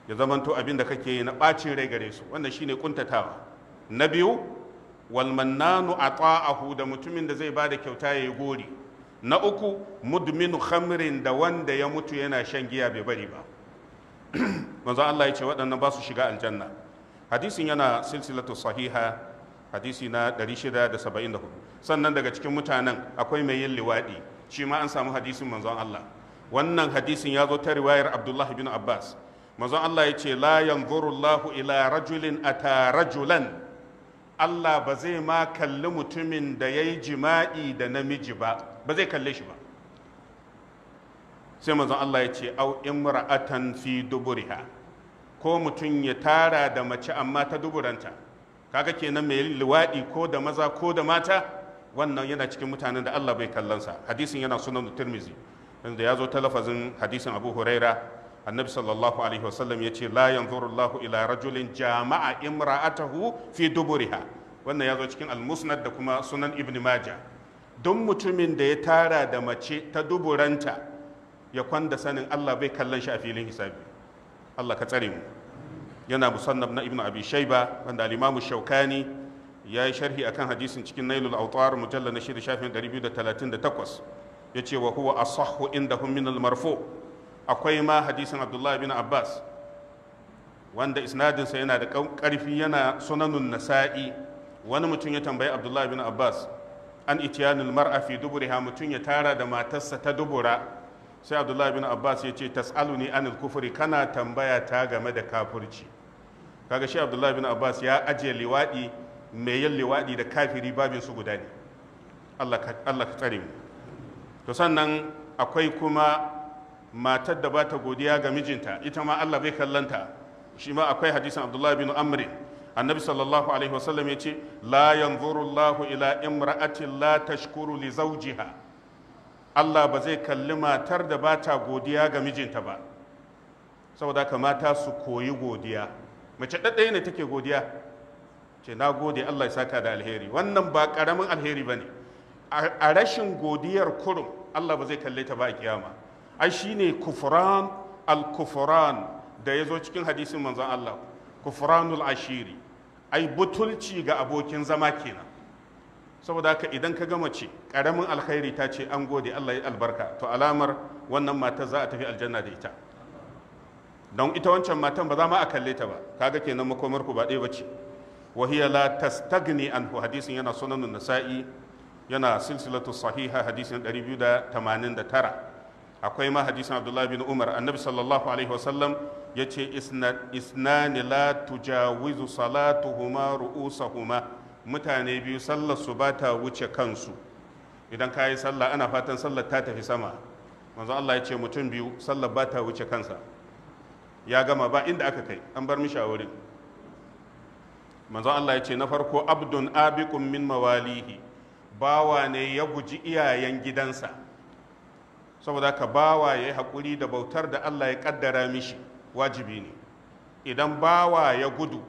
ya zamanto abin da kake yi na ɓacin rai gare su wannan shine kuntatawa na biyu walmannanu a ta'ahu da mutumin da zai ba da kyauta ya yi gori na uku mudminu khamrin da wanda ya mutu yana shan giya bai bari ba manzo Allah ya ce waɗannan ba su shiga aljanna hadisin yana silsilatu sahiha hadisi na 674 sannan daga cikin mutanen akwai mai yin liwadi shi ma an samu hadisin manzon Allah wannan hadisin ya zo ta riwayar Abdullah bin Abbas manzo Allah ya ce la yanzuru Allahu ila rajulin ata rajulan Allah ba zai ma kalli mutumin da ya yi jima'i da namiji ba ba zai kalle shi ba sai manzon Allah ya ce au imra'atan fi duburiha ko mutum ya tara da mace amma ta duburanta kaga kenan mai luwaɗi ko da maza ko da mata wannan yana cikin mutanen da Allah bai kallansa hadisin yana sunan turmizi inda ya zo ta lafazin hadisin Abu Huraira annabi sallallahu alaihi wasallam ya ce la yanzuru Allahu ila rajulin jama'a imra'atahu fi duburiha wannan ya zo cikin al da kuma sunan ibn majah duk mutumin da ya tara da mace ta duburanta ya kwanda sanin Allah bai kallon shi a filin hisabi Allah ka tsare mu yana musannab na ibn abi shayba wanda al-imamu shaukani ya yi sharhi akan hadisin cikin nailul autar mujalla na shida shafin 238 yace wa huwa asahhu indahum min al-marfu' akwai ma hadisin abdullahi bin abbas wanda isnadinsa yana da ƙarfi yana sunanun nasa'i wani mutum ya tambayi abdullahi bin abbas an itiyanul mar'a fi duburiha mutum ya tara da matarsa ta dubura sai abdullahi bin abbas ya ce tas'aluni anil kufuri kana tambaya ta game da kafurci kaga shi abdullahi bin abbas ya ajiye liwadi mai yin liwadi da kafiri babin su guda ne allah ka tsare mu to sannan akwai kuma matar da ba ta godiya ga mijinta ita ma Allah bai kallanta shi ma akwai hadisin Abdullah bin Amr annabi sallallahu alaihi wasallam ya ce la yanzuru Allah ila imra'atin la tashkuru li zawjiha Allah ba zai kalli matar da ba ta godiya ga mijinta ba saboda ka mata su koyi godiya mace ɗaɗɗaya ne take godiya ce na gode Allah ya saka da alheri wannan ba ƙaramin alheri ba ne a rashin godiyar kurum Allah ba zai kalle ta ba a kiyama ai shine kufran al-kufran da ya zo cikin hadisin manzon Allah kufranul ashiri ai butulci ga abokin zama kenan saboda haka idan ka gama ce karamin alkhairi ta ce an gode Allah ya albarka to alamar wannan mata za a tafi aljanna da ita don ita wancan matan ba za ma a kalle ta ba kaga kenan makomar ku ba ɗaya bace wa hiya la tastagni anhu hadisin yana sunan nasa'i yana silsilatu sahiha hadisin 289 akwai ma hadisin abdullahi bin umar annabi sallallahu alaihi wasallam ya ce isnani la tujawizu salatuhuma ru'usahuma mutane biyu sallar su ba ta wuce kansu idan ka yi sallah ana fatan sallar ta tafi sama manzo Allah ya ce mutum biyu sallar ba ta wuce kansa ya gama ba inda aka kai an bar mishi a wurin manzo Allah ya ce na farko abdun abiqun min mawalihi bawa ne ya guji iyayen gidansa saboda ka bawa ya yi haƙuri da bautar da Allah ya ƙaddara mishi wajibi ne idan bawa ya gudu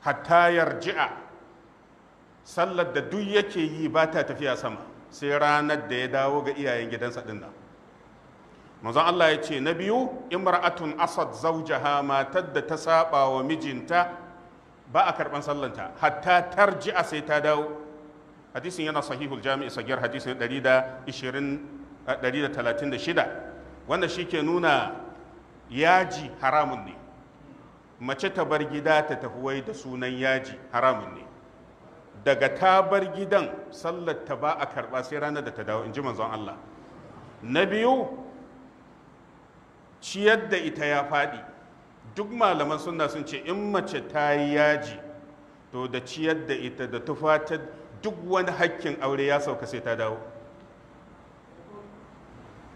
hatta yarji'a sallar da duk yake yi ba ta tafiya sama sai ranar da ya dawo ga iyayen gidansa ɗin nan manzon Allah ya ce na biyu imra'atun asad zaujaha matar da ta saba wa mijinta ba a karɓan sallanta hatta tarji'a sai ta dawo hadisin yana sahihul jami'i sagir hadisin 136 wanda shi ke nuna yaji haramun ne mace ta bar gida ta tafi wai da sunan yaji haramun ne daga ta bar gidan sallar ta ba a karba sai ranar da ta dawo in ji manzon Allah na biyu ciyar da ita ya faɗi duk malaman suna sun ce in mace ta yi yaji to da ciyar da ita da tufatar duk wani hakkin aure ya sauka sai ta dawo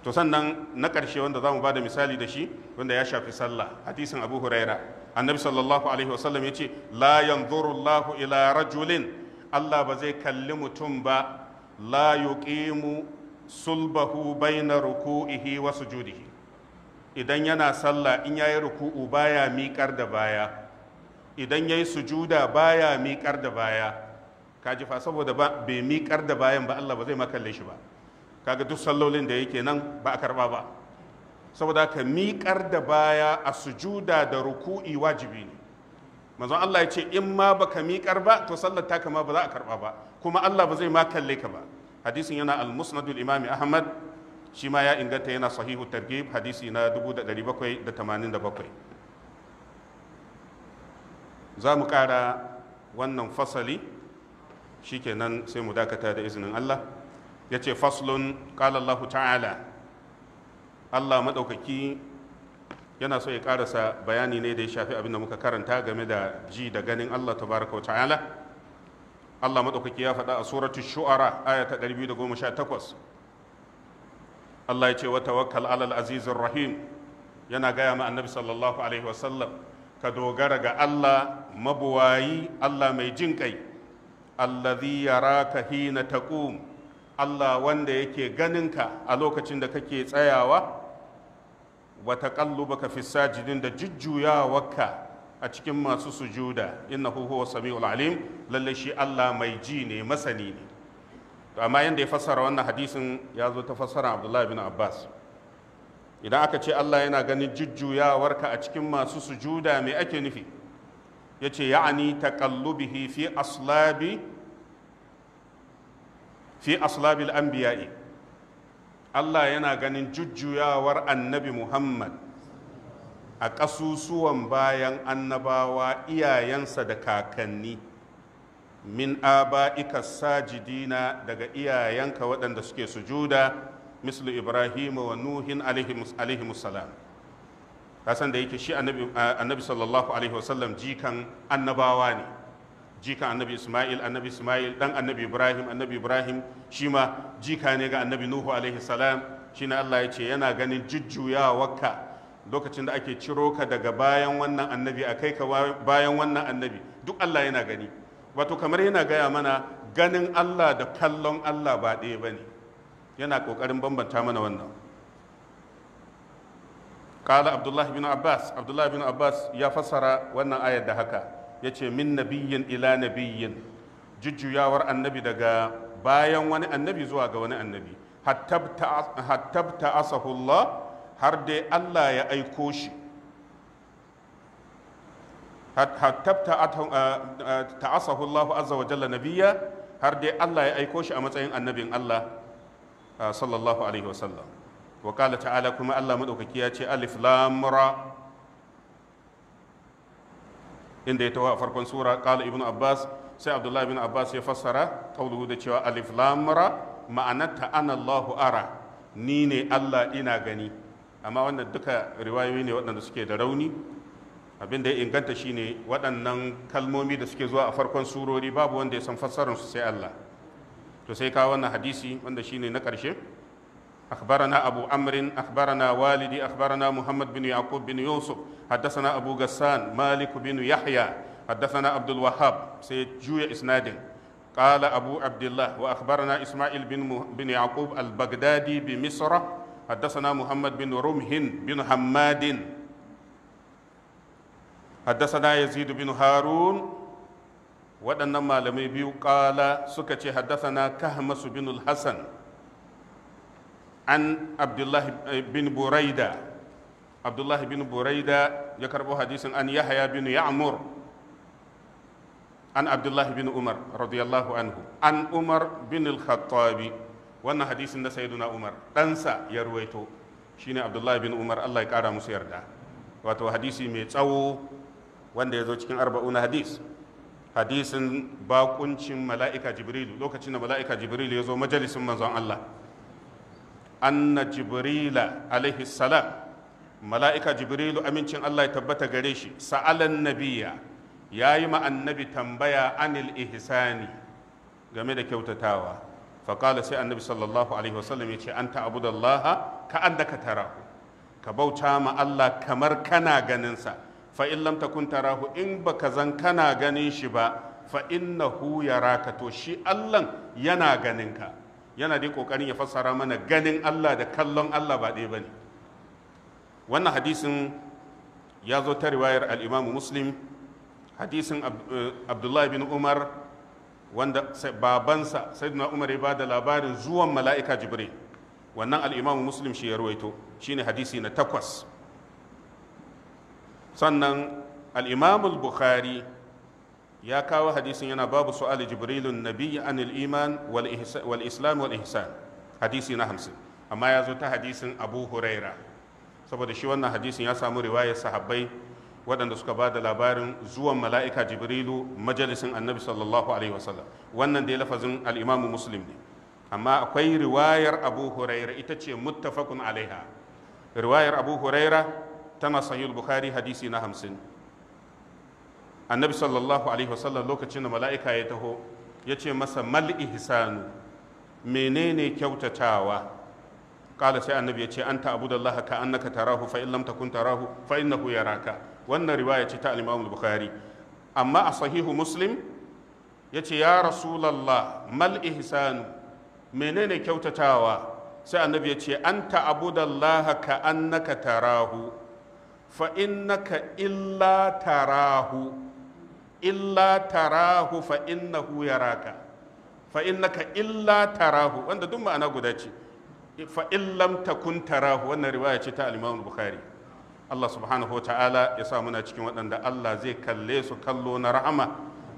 to sannan na ƙarshe wanda za mu ba da misali da shi wanda ya shafi sallah hadisin abu huraira annabi sallallahu alaihi wasallam ya ce la yanzuru allah ila rajulin allah ba zai kalli mutum ba la yuqimu sulbahu baina ruku'ihi wa sujudihi idan yana sallah in yayi ruku'u baya miƙar da baya idan yayi sujuda baya miƙar da baya kaji fa saboda ba bai miƙar da bayan ba Allah ba zai makalle shi ba kaga duk sallolin da yake nan ba a karba ba saboda ka miƙar da baya a sujuda da ruku'i wajibi ne manzon Allah ya ce in ma baka miƙar ba to sallar ta kama ba za a karba ba kuma Allah ba zai makalle ka ba hadisin yana al-musnadul imami ahmad shi ma ya inganta yana sahihu targhib hadisi na 1787 za mu ƙara wannan fasali shikenan sai mu dakata da izinin Allah ya ce faslun kalalahu Allah ta'ala Allah maɗaukaki yana so ya ƙarasa bayani ne da ya shafi abin da muka karanta game da ji da ganin Allah tabaraka wa ta'ala Allah maɗaukaki ya faɗa a suratu shu'ara aya ta 218 Allah ya ce wa tawakkal alal azizin rahim yana gaya ma annabi sallallahu alaihi wasallam ka dogara ga Allah mabuwayi Allah mai jin kai allazi yaraka hina taqum Allah wanda yake ganinka a lokacin da kake tsayawa wa taqallubaka fi sajidin da jujjuyawarka a cikin masu sujuda innahu huwa samiul alim lalle shi Allah mai ji ne masani ne to amma yanda ya fassara wannan hadisin ya zo ta fassara Abdullah bin Abbas idan aka ce Allah yana ganin jujjuyawarka a cikin masu sujuda me ake nufi ya ce ya'ani taqallubihi fi aslabi fi aslabil anbiya'i Allah yana ganin jujjuyawar annabi Muhammad a ƙasusuwan bayan annabawa iyayensa da kakanni min aba'ika sajidina daga iyayenka waɗanda suke sujuda mislu Ibrahim wa Nuhin alaihi salam kasan da yake shi eh, annabi sallallahu alaihi wasallam jikan annabawa ne jikan annabi isma'il annabi isma'il dan annabi ibrahim annabi ibrahim shi ma jika ne ga annabi nuhu alaihi salam shi ne allah ya ce yana ganin jujjuyawarka lokacin da ake ciro ka daga bayan wannan annabi a kai ka bayan wannan annabi duk allah yana gani wato kamar yana gaya mana ganin allah da kallon allah ba ɗaya ba ne yana ƙoƙarin bambanta mana wannan kala abdullahi bin abbas abdullahi bin abbas ya fassara wannan ayar da haka ya ce min nabiyyin ila nabiyyin jujjuyawar annabi daga bayan wani annabi zuwa ga wani annabi hattabta asahullah har dai allah ya aiko shi hattabta ta'asahullahu azza wa jalla har dai allah ya aiko shi a matsayin annabin allah sallallahu alaihi wa qala ta'ala kuma Allah madaukaki ya ce alif lam ra inda ya taho a farkon sura qala ibnu abbas sai abdullahi ibn abbas ya fassara kauluhu da cewa alif lam ra ma'anarta ara ni ne Allah ina gani amma wannan duka riwayoyi ne waɗanda suke da rauni abin da ya inganta shine waɗannan kalmomi da suke zuwa a farkon surori babu wanda ya san fassararsu sai Allah to sai kawo wannan hadisi wanda ne na ƙarshe أخبرنا أبو عمرو أخبرنا والدي أخبرنا محمد بن يعقوب بن يوسف حدثنا أبو غسان مالك بن يحيى حدثنا عبد الوهاب سيد جوي إسناد قال أبو عبد الله وأخبرنا إسماعيل بن, م... بن يعقوب البغدادي بمصر حدثنا محمد بن رمه بن حماد حدثنا يزيد بن هارون waɗannan malamai biyu ƙala suka ce haddasana kahmasu bin hassan an abdullahi bin buraida abdullahi bin buraida ya karbo hadisin an yahaya bin ya'mur an abdullahi bin umar radiyallahu anhu an umar bin al-khattabi wannan hadisin na sayyiduna umar ɗansa ya ruwaito shine abdullahi bin umar allah ya kara musu yarda wato hadisi mai tsawo wanda ya zo cikin arba'un hadis hadisin bakuncin mala'ika jibrilu lokacin da mala'ika jibrilu ya zo majalisin manzon allah anna jibrila alaihi salam mala'ika jibrilu amincin Allah ya tabbata gare shi sa'alan Nabiyya ya yi annabi tambaya anil ihsani game da kyautatawa faƙala sai annabi sallallahu alaihi wasallam ya ce an ta'abudallaha ka an ka tarahu ka bauta ma Allah kamar kana ganinsa fa in lam takun tarahu in baka zan kana ganin shi ba fa innahu yaraka to shi Allah yana ganinka yana dai kokarin ya fassara mana ganin Allah da kallon Allah ba ɗaya bane wannan hadisin ya zo ta riwayar al-Imam Muslim hadisin eh, Abdullahi bin Umar wanda babansa Sayyidina Umar ya ba da labarin zuwan mala'ika Jibril wannan al-Imam Muslim shi ya rawaito shine hadisi na takwas sannan al'imamul bukhari ya kawo hadisin yana babu su'ali jibrilun nabiyyi anil iman wal islam wal ihsan hadisi na hamsin amma ya zo ta hadisin abu huraira saboda shi wannan hadisin ya samu riwayar sahabbai waɗanda suka ba da labarin zuwan mala'ika jibrilu majalisin annabi sallallahu alaihi wasallam wannan dai lafazin al'imamu muslim ne amma akwai riwayar abu huraira ita ce muttafaqun alaiha riwayar abu huraira tana sahih bukhari hadisi na hamsin annabi sallallahu alaihi wasallam lokacin da mala'ika ya taho ya ce masa mal ihsanu menene kyautatawa kala sai annabi ya ce anta abudallaha ka annaka tarahu fa in lam takun tarahu fa innahu yaraka wannan riwaya ce ta al-imam al-bukhari amma a sahihu muslim ya ce ya rasulallah mal ihsanu menene kyautatawa sai annabi ya ce an ta'abudallaha ka annaka tarahu fa innaka illa tarahu illa tarahu fa innahu yaraka fa innaka illa tarahu wanda duk ma'ana guda ce fa illam takun tarahu wannan riwaya ce ta al-Imam Bukhari Allah subhanahu wa ta'ala ya sa muna cikin waɗanda Allah zai kalle su kallo na rahama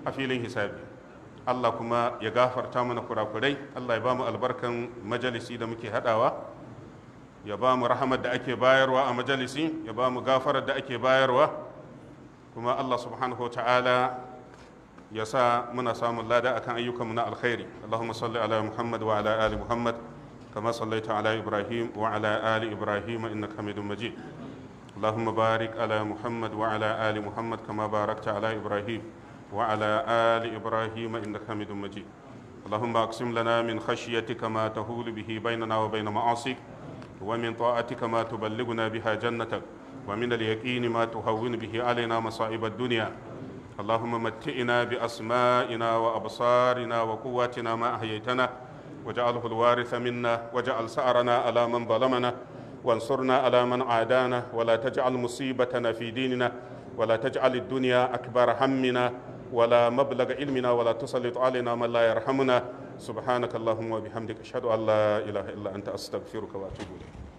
a filin hisabi Allah kuma ya gafarta mana kurakurai Allah ya ba mu albarkan majalisi da muke hadawa ya ba mu rahamar da ake bayarwa a majalisi ya ba mu gafarar da ake bayarwa kuma Allah subhanahu ta'ala ya sa muna samun lada akan ayyukanmu na alkhairi Allahumma salli ala Muhammad wa ala ali Muhammad kama sallaita ala Ibrahim wa ala ali Ibrahim innaka Hamidum Majid اللهم بارك على محمد وعلى آل محمد كما باركت على إبراهيم وعلى آل إبراهيم إنك حميد مجيد اللهم أقسم لنا من خشيتك ما تهول به بيننا وبين معاصيك ومن طاعتك ما تبلغنا بها جنتك ومن اليقين ما تهون به علينا مصائب الدنيا اللهم متئنا بأسمائنا وأبصارنا وقواتنا ما أحييتنا وجعله الوارث منا وجعل سأرنا على من ظلمنا وانصرنا على من عادانا ولا تجعل مصيبتنا في ديننا ولا تجعل الدنيا أكبر همنا ولا مبلغ علمنا ولا تسلط علينا من لا يرحمنا سبحانك اللهم وبحمدك أشهد أن لا إله إلا أنت أستغفرك وأتوب إليك